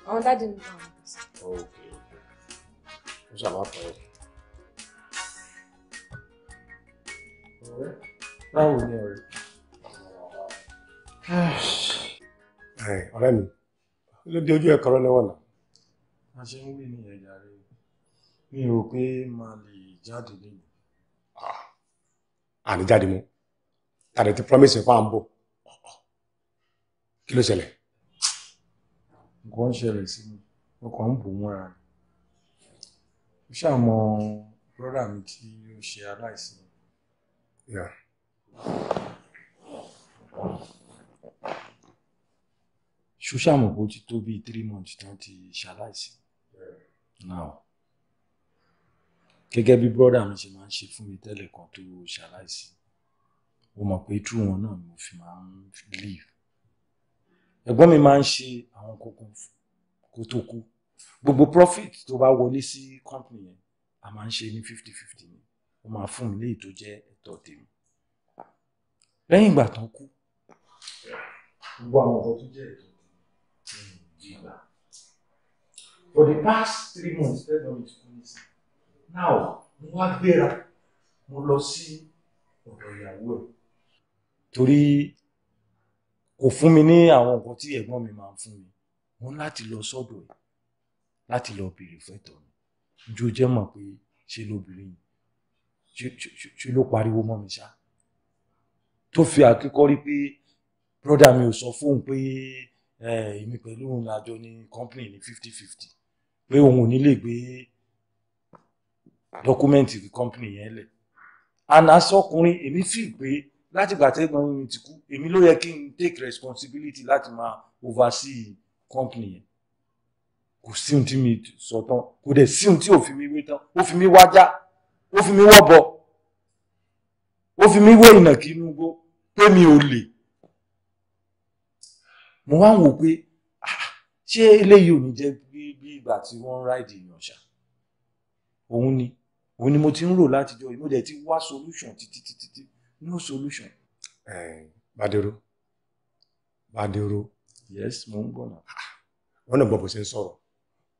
àwọn dáàdi ní báwọn ọmọ sí. Okay. ó ṣàmà pọ̀ ẹ́. báwo ni ọ̀rẹ́. ọ̀rẹ́ mi ló di ojú ẹ̀kọ́ rẹ lọ́wọ́ náà. a ṣe ń wí ní ẹ̀yà rẹ̀ mi ò rò pé màá lè jáde lónìí. àní ah, jáde mọ́ àdè ti promise fún àǹbò kí ló ṣẹlẹ̀. nǹkan ń ṣẹlẹ̀ sí mi ọkàn ń bò mọ́ra ni mo ṣàmọ brọ́dà mi tí ó ṣe aláìsí. Yeah. ṣó ṣàmọ̀ bó ti tó bíi three months tán ti ṣaláìsí. now gẹ́gẹ́ bí brọ́dà mi ṣe máa ń ṣe fún mi tẹ́lẹ̀ kan tó ṣaláìsí ó mọ̀ pé tú wọn náà ni mo fi máa ń leave ẹ̀gbọ́n mi máa ń ṣe àwọn kókó kó tó kú gbogbo profit tó bá wọlé sí company yẹn a máa ń ṣe ní fifty fifty ni ó máa fún mi léyìí tó jẹ́ ẹ̀tọ́ tèmi lẹ́yìn ìgbà tán kú gbogbo àwọn ọ̀rọ̀ tó jẹ́ ẹ̀tọ́ tèmi ti gbà for the past three months tẹ́lẹ̀ mi ti kú náà mo wá gbéra mo lọ sí ọ̀dọ̀ ìyàwó ẹ̀. torí kò fún mi ní àwọn nǹkan tí ẹ̀gbọ́n mi máa ń fún mi mo ń láti lọ sọ́dọ̀ ẹ̀ láti lọ béèrè fẹ́tọ̀ mi ju jẹ́ mọ̀ pé ṣe lóbìnrin yìí ṣe ló pariwo mọ́ mi ṣá tó fi àkíkọ́rí pé brọ́dà mi ò sọ fóun pé èmi pẹ̀lú òun àjọ ní company ní fifty fifty pé òun ò ní lè gbé dọ́kúmẹ́ǹtì fi kọ́mpìnì yẹn lẹ̀ and asọkùnrin èmi fi pé látìgbà tẹ́gbọ́n mi ti kú èmi ló yẹ kí n take responsibility láti máa oversee kọ́mpìnì yẹn kò sí ohun tí mi sọ tán kò dẹ̀ sí ohun tí ò fi mi wé tán ó fi mi wájá ó fi mi wọ́bọ ó fi mi wé ìnàkí inú igbó pé mi ò lè mo wá ń wò pé ah, ṣé eléyìí ò ní jẹ́ bí ìgbà tí wọ́n ń ráìdì èèyàn òun ni òun ni mo ti ń rò látijọ́ yìí mo dẹ̀ ti wá solution títí títí títí no solution. ẹ Bádéró Bádéró. yes mo ń gbọ́ náà. Ah, wọ́n náà gbọ́ bó ṣe ń sọ̀rọ̀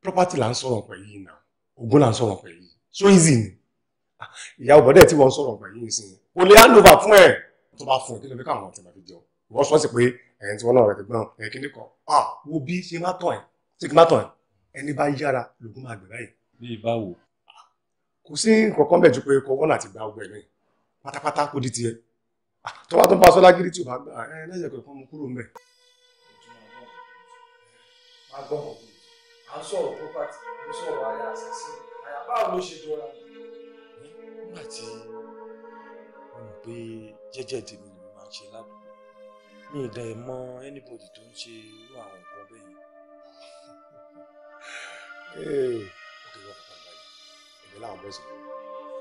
property là ń sọ̀rọ̀ pẹ̀ yìí náà ogún là ń sọ̀rọ̀ pẹ̀ yìí so easy ni ah, ìyá ọ̀bọ̀dẹ̀ tí wọ́n sọ̀rọ̀ pẹ̀ yìí sí kò lè hand over fún ẹ̀ tó bá fún ẹ kí ló fi káwọn ọ̀tí máa fi jẹun ìwọ́n sọ́ọ́sì pé ẹ̀yìn tí wọ́n náà rẹ̀ ti gbọ́n ẹ̀ kíní kan ah wo bí ṣe má tọ̀ ẹ̀ ṣe kí má tọ̀ ẹ̀ ẹni bá yára lògùn máa gbẹ̀ báyìí. bí báwo kò sí nǹkan kan bẹ̀ ju pé kọ wọ́n àti gba ọgbẹ̀ rẹ̀ pátápátá kó di tiẹ̀ tọ́wọ́ ah, tó ń bá sọ́lá gírí tí ò bá gbà ẹ lẹ́yìn ẹ̀kọ́ ìfọ́n mu kúrò ń nígbà tí mo mọ̀ pé jẹ́jẹ́ tèmi ni mo máa ń ṣe ládùúgbò mi ì dá mọ anybody tó ń ṣe irú àwọn nǹkan bẹ́ẹ̀ yẹn. Eh, láwọn bọ́ọ̀sì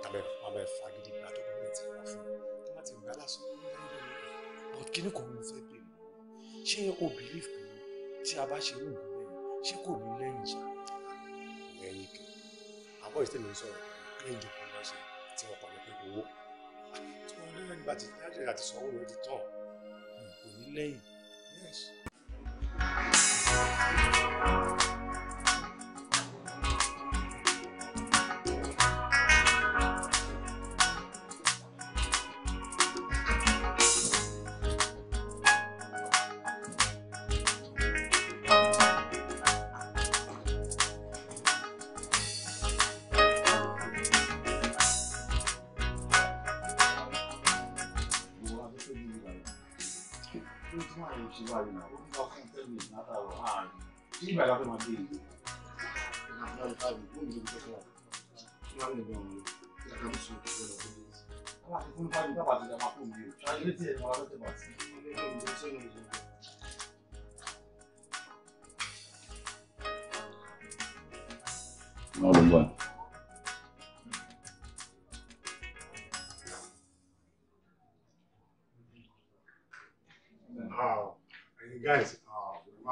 abẹ́ abẹ́ fagidi gba tó gbẹ ti wá fún un má ti lásán ní ẹgbẹ́ rẹ̀ but kíní kan mo fẹ́ bèrè ṣé o believe pé tí a bá ṣe irú nǹkan lẹ́yìn ṣé kò ní lẹ́yìn ṣá lẹ́yìn kẹ àbọ̀ ìtẹ̀lẹ̀ ń sọ̀rọ̀ lẹ́yìn ìjọba máa ṣe tí wọ́n pàdé pé owó tí wọ́n lẹ́yìn nígbà tí àti sanwó rẹ̀ ti tán kò ní lẹ́yìn yes.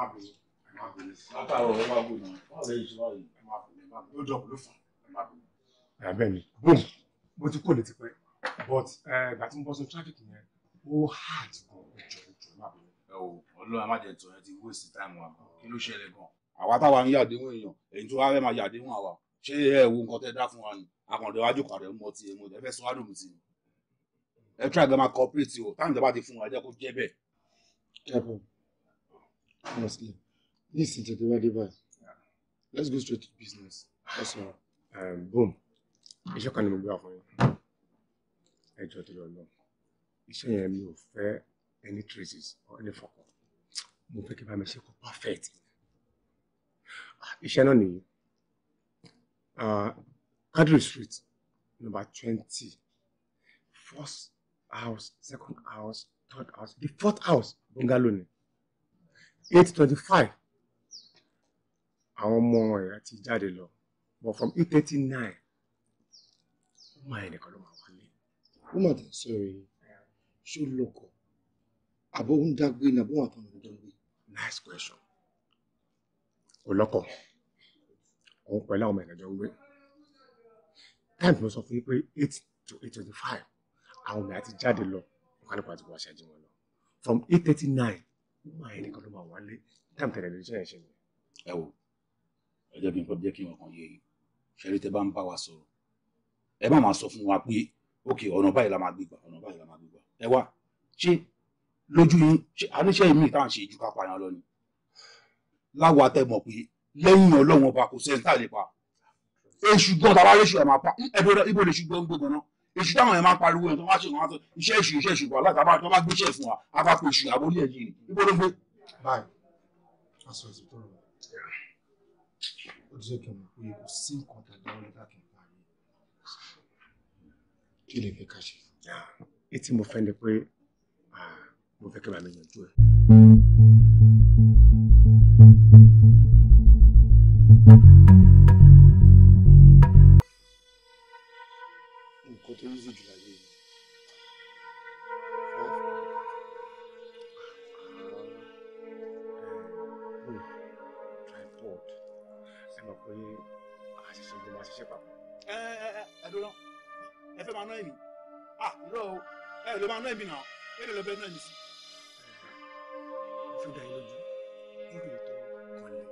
má bínú ẹ lè ti kó but ìgbà tí mo bọ́ sí traffic yẹn ó hard gan ọjọ́ ìjọ má bínú. ẹ o ọlọ́run amájẹ̀tọ̀ ẹ ti waste time wa kí ló ṣẹlẹ̀ gan. àwa táwa ń yàdéhùn èèyàn èyí tó wá fẹ́ máa yàdéhùn àwa ṣé ẹ wo nǹkan tẹ́ dá fún wa ni akọ̀dọ̀ wájú kan rẹ̀ mọ ti èmo ẹ fẹ́ sọ wá lòmùtì ni ẹ tíra gan máa cooperate o táwọn ìjọba ti fún wa ẹ jẹ́ kó jẹ́ bẹ́ẹ̀. Honestly, listen to the right vibe. Let's go straight to business. That's all. Um, boom. Iṣẹ́ kan ni mo gbé for you. I just jọ̀ọ́ tó lọ lọ. Iṣẹ́ yẹn mi ò fẹ́ any traces or any fọkàn. Mo fẹ́ kí bá mi ṣe kó perfect. Ah, iṣẹ́ náà Uh, ah, Cadre Street, number twenty. First house, second house, third house, the fourth house, bungalow ni. Mm -hmm. 8:25. twenty five àwọn ọmọ ẹ̀yà ti jáde lọ but from 8:39, thirty nine ó máa ẹnìkan ló máa wálé. ó mà tẹ̀ sọ̀rọ̀ yìí ṣó lọkọ̀ àbó ń dágbé ní àbó àtọ̀ ní ìjọba. nice question. ò lọkọ̀ òun pẹ̀lú àwọn ọmọ ìrìnàjò ń gbé time ló sọ fún yín pé eight to eight twenty five àwọn ọmọ ìyá ti jáde lọ nǹkan nípa àti bọ̀ wọn lọ from 8:39 mọ àyè nìkan ló máa wà lé dáàmù tẹ̀lé lórí ṣẹ̀yìn ṣẹ̀yìn. ẹ wo ẹ jẹ́ kí n kọ́ jẹ́ kí n ọkàn yẹ yín ṣẹ́rí tẹ́ bá ń bá wa sọ̀rọ̀ ẹ má máa sọ fún wa pé ókè ọ̀nà báyìí la máa gbégbà ọ̀nà báyìí la máa gbégbà ẹ wá ṣé lójú yín àníṣe mi táwọn ṣe ìjú ká pa yẹn lọ ni láwa tẹ mọ̀ pé lẹ́yìn ọlọ́run ọba kò sẹ́ńtà lè pa èṣù gan tàbá lè ṣù ẹ̀ máa pa iṣu táwọn yẹn máa pariwo ẹ̀ tó máa ṣe wọn tó iṣẹ́ ìṣù iṣẹ́ ìṣù wàhálà tàbá tó bá gbéṣẹ́ fún wa apapọ̀ ìṣù àbólí ẹ̀ yìí ibo ló gbé. báyìí aṣọ ẹ̀sìn tó rọrùn ó jẹ́ kí n mọ̀ pé kò sí nǹkan tàbí àwọn ẹ̀dá kì í parí kí lè fẹ́ ká ṣe. etí mo fẹ́ ni pé ah, mo fẹ́ kí bàmí yanjú ẹ̀. náà bí náà èlò lọ́bẹ̀ náà nìsí. fi dá yín lójú níbi ètò kọlẹ̀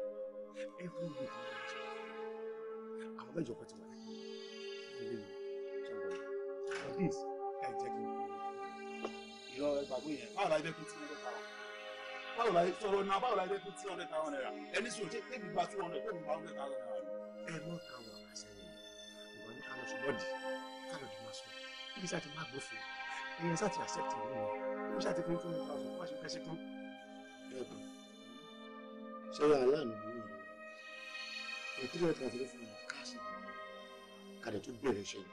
ẹ̀rú ìgbè tó ń jẹ́ àwọn mẹ́jọ kan ti wà lẹ́yìn ilé mi ṣàgbọ́n for this ẹ̀ jẹ́ kí n kú. ìlọ ìgbàgbọ́ yẹn báwo la ẹgbẹ́ kú tí wọ́n fẹ́ para báwo la sọ̀rọ̀ náà báwo la ẹgbẹ́ kú tí wọ́n fẹ́ para náírà ẹni sọ̀rọ̀ tí ẹbí gba tí wọ́n fẹ́ para náírà ẹ mọ̀ ká wà àṣẹ yìí ìwọ ní ká lọ sọ lọ́ọ̀dì ká lọ́ọ̀dì máa sọ ibi sáà ti máa gbófin èèyàn sá ti accept ìlú mi ó ṣáà ti fún two hundred thousand wá ṣe fẹ́ sí fún. ẹ̀bùn sọ́yà aláàánú ló ń lò three hundred thousand ló fún mi káàsì kàdé tó bẹ̀rẹ̀ ṣe yìí.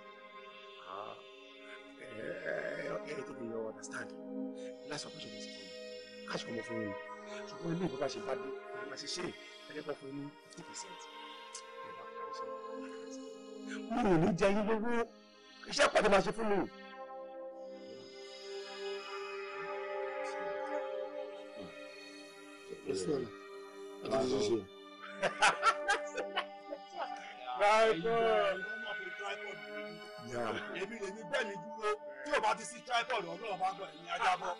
ẹ̀ẹ́dẹ̀ tó bí understand last operation ti fún mi káàsì kọ́ mo fún mi ṣùgbọ́n ilé ìgbọ́ká ṣe bá dé ẹ̀rọ máa ṣe ṣe ẹ̀ẹ́dẹ́gbẹ́ fún mi fifty percent mo ò ní jẹ yín lówó iṣẹ́ pàtó máa ṣe fún mi. Sınavı. Hadi düzgün. Tripod. Èmi lèmi gbẹ̀mí dúró tí o bá ti sí tripod ọlọ́run bá gbọ́ ẹ̀yìn ajá bọ́.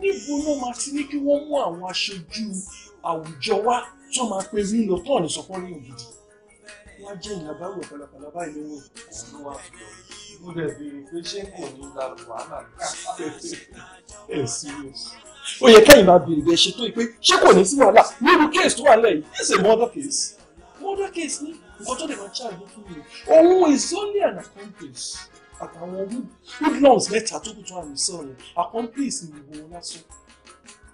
níbo ló máa ti ní kí wọ́n mú àwọn aṣojú àwùjọ wá tó máa pe rí lọ tó ọ̀nà ìsọ̀kan rí ògidì wọ́n jẹ́ ìlàbáwò pẹ̀lẹ́pẹ̀lẹ́ báyìí ní òun wá ó dẹ̀ béèrè pé ṣé kò ní la wàhálà ẹ̀ sí o. ó yẹ kẹ́yìn máa béèrè bẹ́ẹ̀ ṣe tó pé ṣé kò ní sí wàhálà nínú case tó wà lẹ́yìn it's a murder case murder case ní nǹkan tó dẹ̀ máa ṣàgbé fún mi òun is only an accomplice àtàwọn hoodlums mẹ́ta tó kù tó àmì sọ̀rọ̀ accomplice ni ìwọ wọn lásán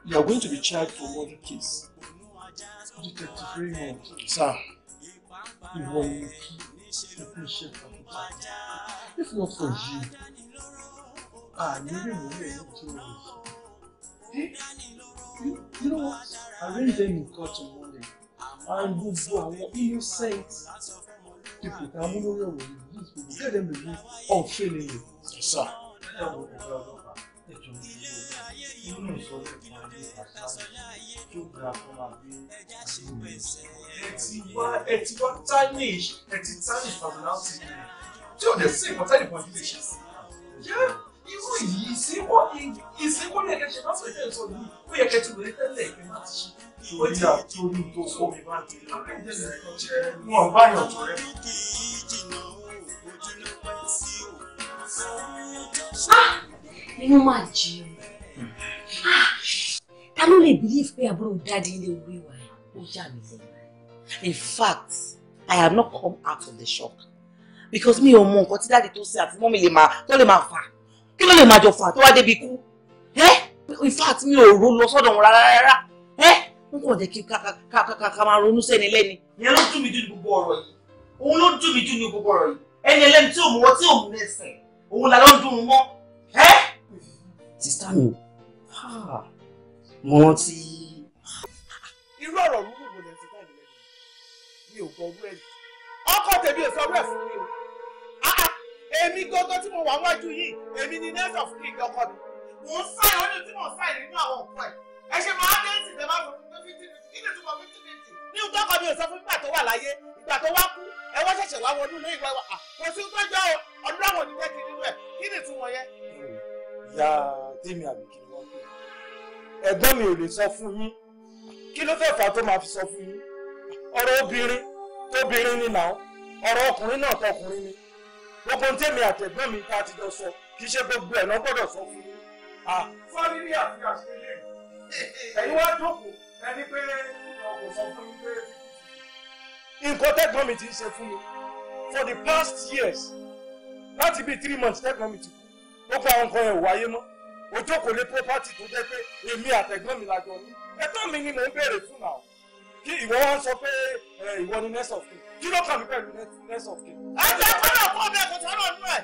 you are going to be charged for murder case detective raymond sir ìwọ if not for you àní rí ìmúlẹ̀ ẹni tí wọ́n lè you know what arrange them in court on Monday and gbogbo àwọn innocent people ta mú lórí ọ̀rọ̀ yìí please people get them to released on training you. sir. ẹ wo ìgbà ọlọ́pàá ẹ̀jọ̀ ìlú ìlú ìsọ̀rọ̀ ìpàdé àṣà yìí yóò dára fún wa bí ẹ ti wá ẹ ti wá tarnish ẹ ti tarnish personality yẹn tí o lè sí ìkọ́tà ìbọn yìí lè ṣe sí irú yìí ìsìnkú ìsìnkú ní ẹ̀kẹ́ ṣe lásìkò ìṣẹ̀lẹ̀ sọ yìí ó yẹ kẹ́ ti wọlé tẹ́lẹ̀ ẹ̀kẹ́ máa ti ṣe. torí àtúndì tó kọ́ mi bá dé akẹ́kẹ́ jẹ́ wọn bá yàn jọ rẹ. Ah! inú máa jẹun. Ah! I ló lè believe pé àbúrò daddy ilé orí wa ẹ̀ ó yà mí in fact I have not come out of the shock because me mi ò mọ nǹkan tí dáàdi tó ṣe àti mọ́mi lè máa tó lè máa fà kí ló lè máa jọ fà tó wá débi ikú ẹ́ in fact mi ò ro lọ sọ́dọ̀ wọn rárá rárá ẹ́ n kò jẹ́ kí ká máa ronú sẹ́ni lẹ́ni. ìyẹn ló dùn mí jù ní gbogbo ọ̀rọ̀ yìí òun ló dùn mí jù ní gbogbo ọ̀rọ̀ yìí ẹni ẹlẹ́ni tí òun wọ́n tí òun nẹ̀sẹ̀ òun là ló dùn mọ́ ẹ́. sista mi mo rántí. irú ọ̀rọ̀ rúrú wo lẹ ti ká ìlẹ̀ mi ò gbọ́ ọdún ẹ̀jẹ̀ ọkọ tèmi ò sọ bẹ́ẹ̀ fún mi o èmi gógó tí mo wà wájú yìí èmi ni next of king ọkọ mi mò ń sáyà ó tí mò ń sáyà nínú àwọn ọ̀pọ̀ ẹ̀ ẹ ṣe máa dé sí ìjọba fún mi fifty kí ni túmọ̀ fifty fifty ní ìgbà tó wà kú ẹ wá ṣẹ̀ṣẹ̀ wá wọnú ilé ìwé wa kò sí tó jọ ọdún àwọn onígbẹ́kì nínú ẹ̀ kí ni túmọ̀ yẹn. ìyá tèmi àbíkí ẹ̀gbọ́n mi ò lè sọ fún yín kí ló fẹ́ẹ́ fà tó máa fi sọ fún yín ọ̀rọ̀ obìnrin tóbìnrin ni náà ọ̀rọ̀ ọkùnrin náà tọkùnrin ni gbogbo ohun tèmi àtẹ̀gbọ́n mi tá ti jọ sọ kì í ṣe gbogbo ẹ̀ náà gbọ́dọ̀ sọ fún yín. sọ́ọ́rí ní àti àṣeyẹ ẹ̀yin wá jókòó ẹni pé kò sọ fún yín pé. nǹkan tẹ́gbọ́n mi ti ń ṣe fún mi for the past years láti bíi three months tẹ́gbọ́n mi ti kú ó pa àwọn nǹkan yẹn wáyé mọ́ ojú kò ní property tó jẹ́ pe èmi àtẹ̀gbọ́n mi lajọ ní ẹ̀tọ́ mi ni mò ń béèrè fún náà kí ìwọ wọn sọ pé ìwọ ni next of kin kí ló kà mí pẹ̀lú next of kin. àti àkọ́nà fún ọbẹ̀ kò sọ̀rọ̀ nínú ẹ̀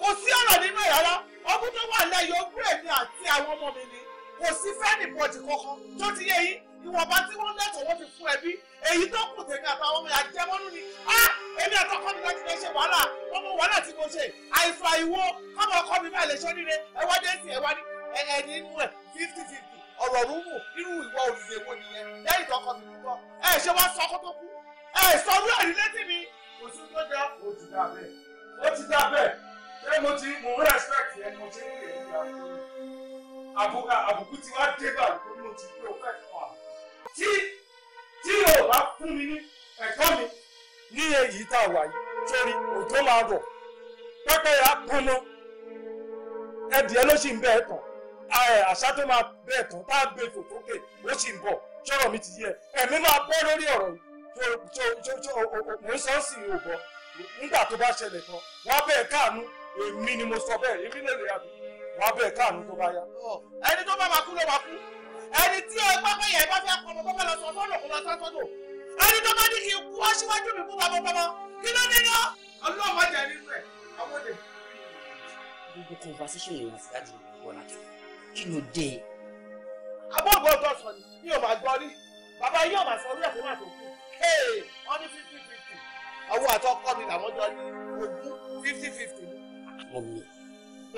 kò sí ọ̀rọ̀ nínú ẹ̀ rárá ọdún tó wà lẹ́yìn ogún èmi àti àwọn ọmọ mi ni kò sí fẹ́ẹ́nì bọ̀dì kankan tó ti yé yín ìwọ̀nba tí wọ́n lẹ́tọ̀ọ́ wọ́n fi fún ẹbí èyí tó kù tèmi àtàwọn ọmọ yà jẹ́ wọ́n nù ni á ah! èmi àtọkọ mi láti lè ṣe wàhálà wọ́n mú wàhálà tí mo ṣe àìsàn àìwọ́ káwọn ọkọ mi bá lè ṣọ́ nílé ẹwà dé sí ẹwà ní ẹni inú ẹ fifty fifty ọ̀rọ̀ rúmù irú ìwọ òrìṣẹ́ wo nìyẹn lẹ́yìn tọkọ mi kúkọ ẹ ṣe wá sọ kótó kú ẹ sọ orí ẹ̀rí létí mi. kò sí tó dá o ti dá bẹ́ẹ̀ o ti dá bẹ́ẹ̀ ṣé mo ti mo ń respect yẹn mo ti ń rè é ní àbúkù àbùkù tí wàá dé bá àbùkù ni mo ti gbé tí tí o bá fún mi ní ẹ̀kọ́ mi ní èyí tá a wà yìí sórí òjò máa rọ̀ pẹ́pẹ́ yà á kún mọ́ ló sì ń bẹ́ẹ̀ tán àṣà tó máa bẹ́ẹ̀ tán a gbé ó sì ń mi ti yẹ ẹ̀mí máa bọ́ lórí ọ̀rọ̀ yìí mo ń sọ sí i ò bọ̀ nígbà tó bá ṣẹlẹ̀ tán wọ́n ni mo sọ bẹ́ẹ̀ lè wọ́n á bẹ̀ẹ̀ káàánú tó bá yá. ẹni tó bá máa kú ẹni tí ọgbọ́n yẹn bá fẹ́ kọ́ ọmọ bọ́bọ́ lọ sọ fọ́nù kó lọ sọ fọ́nù ẹni tó bá ní kí n kú ọ síwájú mi kú bàbá bàbá kí ló dé náà. ọlọ́run má jẹ́ nínú ẹ̀ àwọn ọdẹ. gbogbo conversation yẹn wọ́n fìdájú wọlá kí kí ló dé. abọ́ọ̀gbọ́n tó sọ ni mi ò máa gbọ́ rí bàbá yìí ò máa sọ orí ẹ̀kọ́ máa tó kú wọ́n ní fifty fifty àwọn àtọ́kọ́ mi làwọn jọ ní ogún fifty fifty. mọ̀mí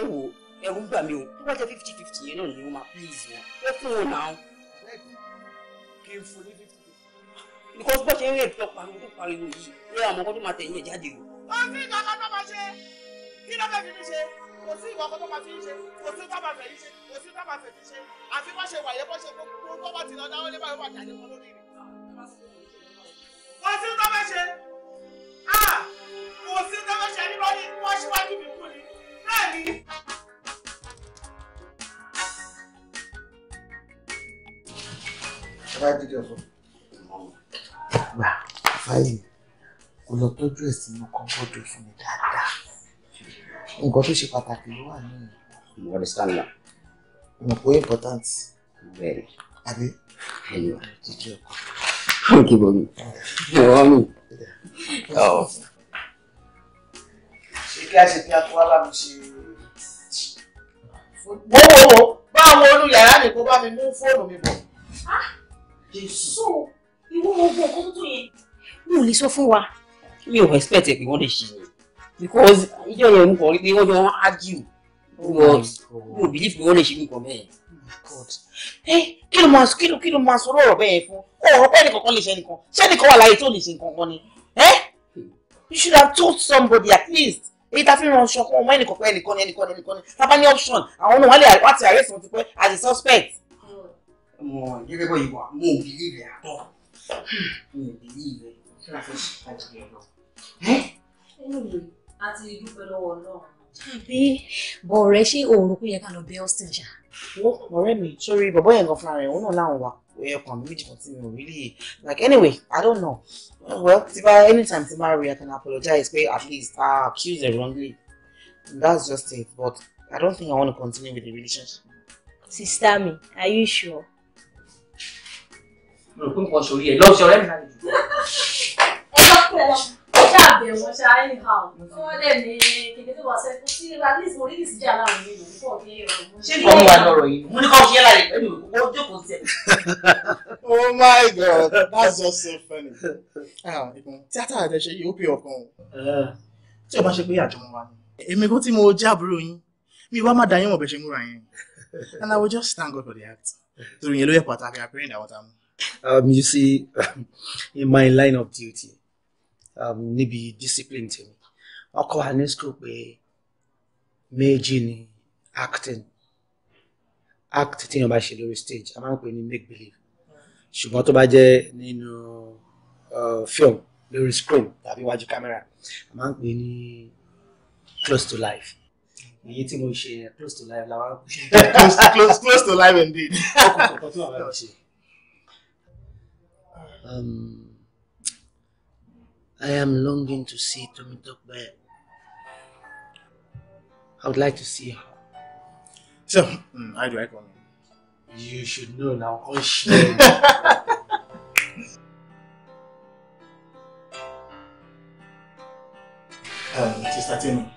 ẹ wo ẹ̀rù ń bà mí o tó bá jẹ́ fifty fifty yẹn náà ni o máa please wọn ẹ fún wọn náà. kí n fún ní fifty fifty. because bó ṣe ń rìn tó pariwo tó pariwo yìí ní àwọn ọmọkọ́ tó máa tẹ̀yìn ẹ̀ jáde o. ó fi ìgbà kan tó máa ṣe kí ló fẹ́ fi mi ṣe kò sí ìwà kan tó máa fi ń ṣe kò sí tó máa fẹ́ yín ṣe kò sí tó máa fẹ́ fi ṣe àfi bó ṣe wà bó ṣe gbogbo bá ti lọ dáwọ́ lé báyọ̀ bá jáde wọn lórí rẹ̀. kò sí tó máa ṣe ah! kò sí tó máa ṣe àbí bó Şikayet ediyorsun. Gbà fáyì kò lọ tọ́jú ẹ̀ sínú kọ́ńbọ́dù fún mi dáadáa. Nǹkan tó ṣe pàtàkì ló wà ní ìlú. Mo understand that. Mo kò important. Bẹ́ẹ̀ni. Àbí? Ẹ̀yìn wa. Jíjí ọkọ. Kí bọ̀ mi? Mo wá mi. Ṣé kí a ṣe kí a tó wá láti ṣe? Wo wo wo báwo olú yàrá mi bá mi mú fóònù mi bọ̀. Ah! so ìwọ ogun ọkọ tó yẹ mi ò lè sọ fún wa. mi ò expect pé wọ́n lè ṣe yẹn because ìjọ yẹn mo kàn rí pé wọ́n jọ argue Because oh mo believe pé wọ́n lè ṣe nǹkan bẹ́ẹ̀. Oh eh, kí ló máa kí ló kí ló máa sọ lọ́rọ̀ bẹ́ẹ̀ fún ọ̀rọ̀ pé ẹnìkankan lè ṣe ẹnìkan ṣé ẹnìkan wà láyé tó lè ṣe nǹkan kan ni eh? you should have told somebody at least èyí tá a fi ràn ṣọkọ ọmọ ẹnìkan pé ẹnìkan ni ẹnìkan ni ẹnìkan ni tá a bá ní option àwọn ọmọ wọn lè wá ti arrest ti pẹ́ as a suspect Mo gẹ́gẹ́ bọ́ ìwà mo ò bìlí rẹ̀ àtọ̀. Mo ò bìlí rẹ̀ kí la fẹ́ ṣe láti rẹ̀ lọ. Anyway, a ti dúpẹ́ lọ́wọ́ Ọlọ́run. Àbí bọ̀ọ̀rẹ́ ṣé òun ló kó yẹ ká lọ mi, sórí bọ̀bọ̀ yẹn mi ò like anyway i don't know well ti bá anytime ti máa rí can apologize pé at least i accused her wrongly that's just it but i don't think i want to continue with the relationship. sista mi are you sure mo rò pé nǹkan sórí ẹ lọ́sọ̀ rẹ́ mi láti jù. ẹ lọ pé ẹ lọ ẹ ṣáà bẹ̀ wọ́n ṣáà ẹ̀ ha ọ̀ tí wọ́n lẹ̀ ní kìnìún tó wà sẹ́kù sí at least mo rí ní ìsìnjà láàrin oh my god that's just so funny. tíátà àti ẹ̀ṣẹ̀ yìí ó pè ọkàn o tí o bá ṣe pé àjọ wọn wà ní. èmi kò tí mo jẹ́ àbúrò yín mi and I will just thank God for the act. torí yẹn ló yẹ pàtàkì àpẹẹrẹ ìdáwọ́ta mú um, you see, in my line of duty, um, níbi discipline tèmi, wọ́n kọ́ wa ní school pé méjì ni acting act tí wọ́n bá stage a máa ń pè make believe ṣùgbọ́n tó bá jẹ́ nínú uh, film lórí screen tàbí iwájú kámẹ́rà a máa ń pè close to life èyí tí mo ṣe close to life la máa ń close to life indeed. Um, I am longing to see Tommy Tomitokbe. I would like to see her. So, mm, how do I call in? You should know now. Oh, shit. um, Sister Timmy,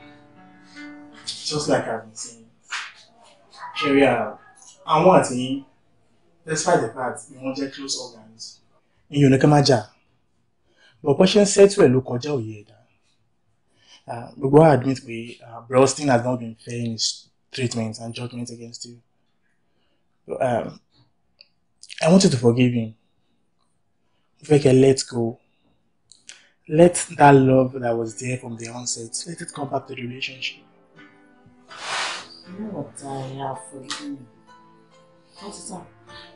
just like I've been saying, here we are. I want to, despite the fact we want to close organs, ìyẹn ò ní ká má jà bọ̀pọ̀ ṣe ń sẹ́tù ẹ̀ ló kọjá òye ẹ̀dá ah, gbogbo wa admit pé uh, has not been fair in his treatment and judgment against you but, um, I want you to forgive him If fẹ́ can let go let that love that was there from the onset let it come back to the relationship. You know what I have forgiven you. What is that?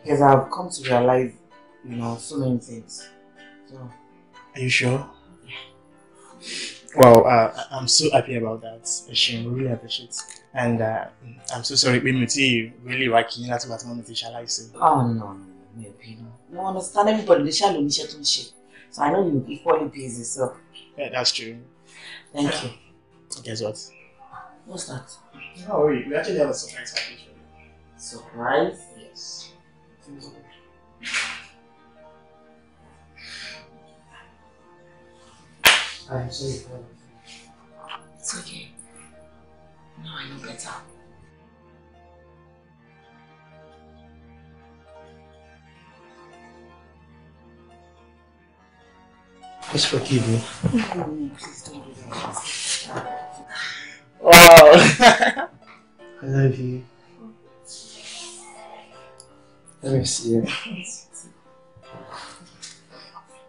Because I have come to realize You know, so many things. So. Are you sure? Yeah. Well, uh, I'm so happy about that. Eshin, really appreciate it. And uh, I'm so sorry we mi you really wá kí yín láti gbà tí wọ́n ti ṣaláìsí. Oh, no, no, mi no. No, understand everybody, they ṣàlò oníṣẹ́ tó ń ṣe. So I know you equally busy, so. Yeah, that's true. Thank you. Guess what? What's that? No, wait, we actually have a surprise package for you. Surprise? Yes. I'm sorry for everything. It's okay. Now I know better. Please forgive me. No, please don't do that. Wow. I love you. Let me see you.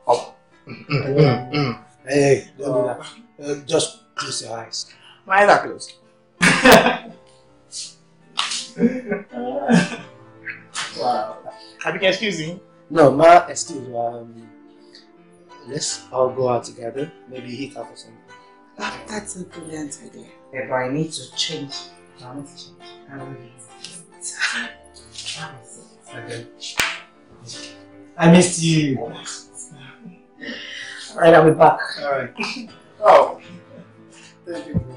Oh. Mm, mm, mm, Hey, don't do that. Uh, just close your eyes. My eyes are closed. wow. Have you been excusing? No, ma, excuse Um, let's all go out together. Maybe hit out or something. That, that's a brilliant idea. Yeah, but I need to change. I need to change. I need to I missed you. All right, I'll be back. All right. Oh, thank you.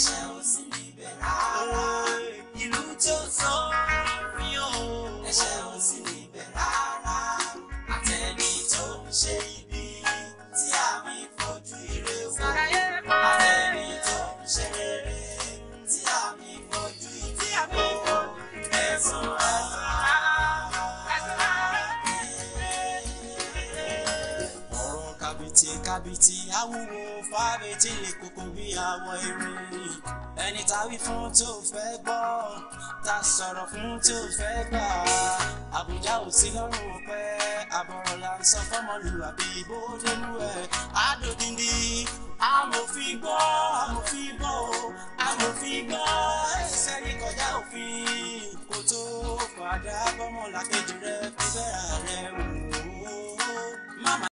ẹ̀ṣẹ̀ ò sí níbẹ̀ rárá ìlú tó sàn fihàn o ẹ̀ṣẹ̀ ò sí níbẹ̀ rárá mi fojú ire mi fojú ibi wò ẹ̀sùn ẹ̀sùn. Kábìtì kábìtì etí lè kókó bí àwọ̀ irin ẹni tá a wí fún tó fẹ́ gbọ́ tá a sọ̀rọ̀ fún tó fẹ́ gbà àbújá ò sí lọ́rùn ọ̀pẹ àbọ̀rọ̀ là ń sọ fọ́mọlúwàbí bó ẹ̀ àdòdìndì amòfin gbọ́ amòfin gbọ́ amòfin gbọ́ ẹsẹ̀ ní kọjá òfin kò tó padà bọ́mọ làkejì rẹ fi bẹ́ẹ̀ rẹ wò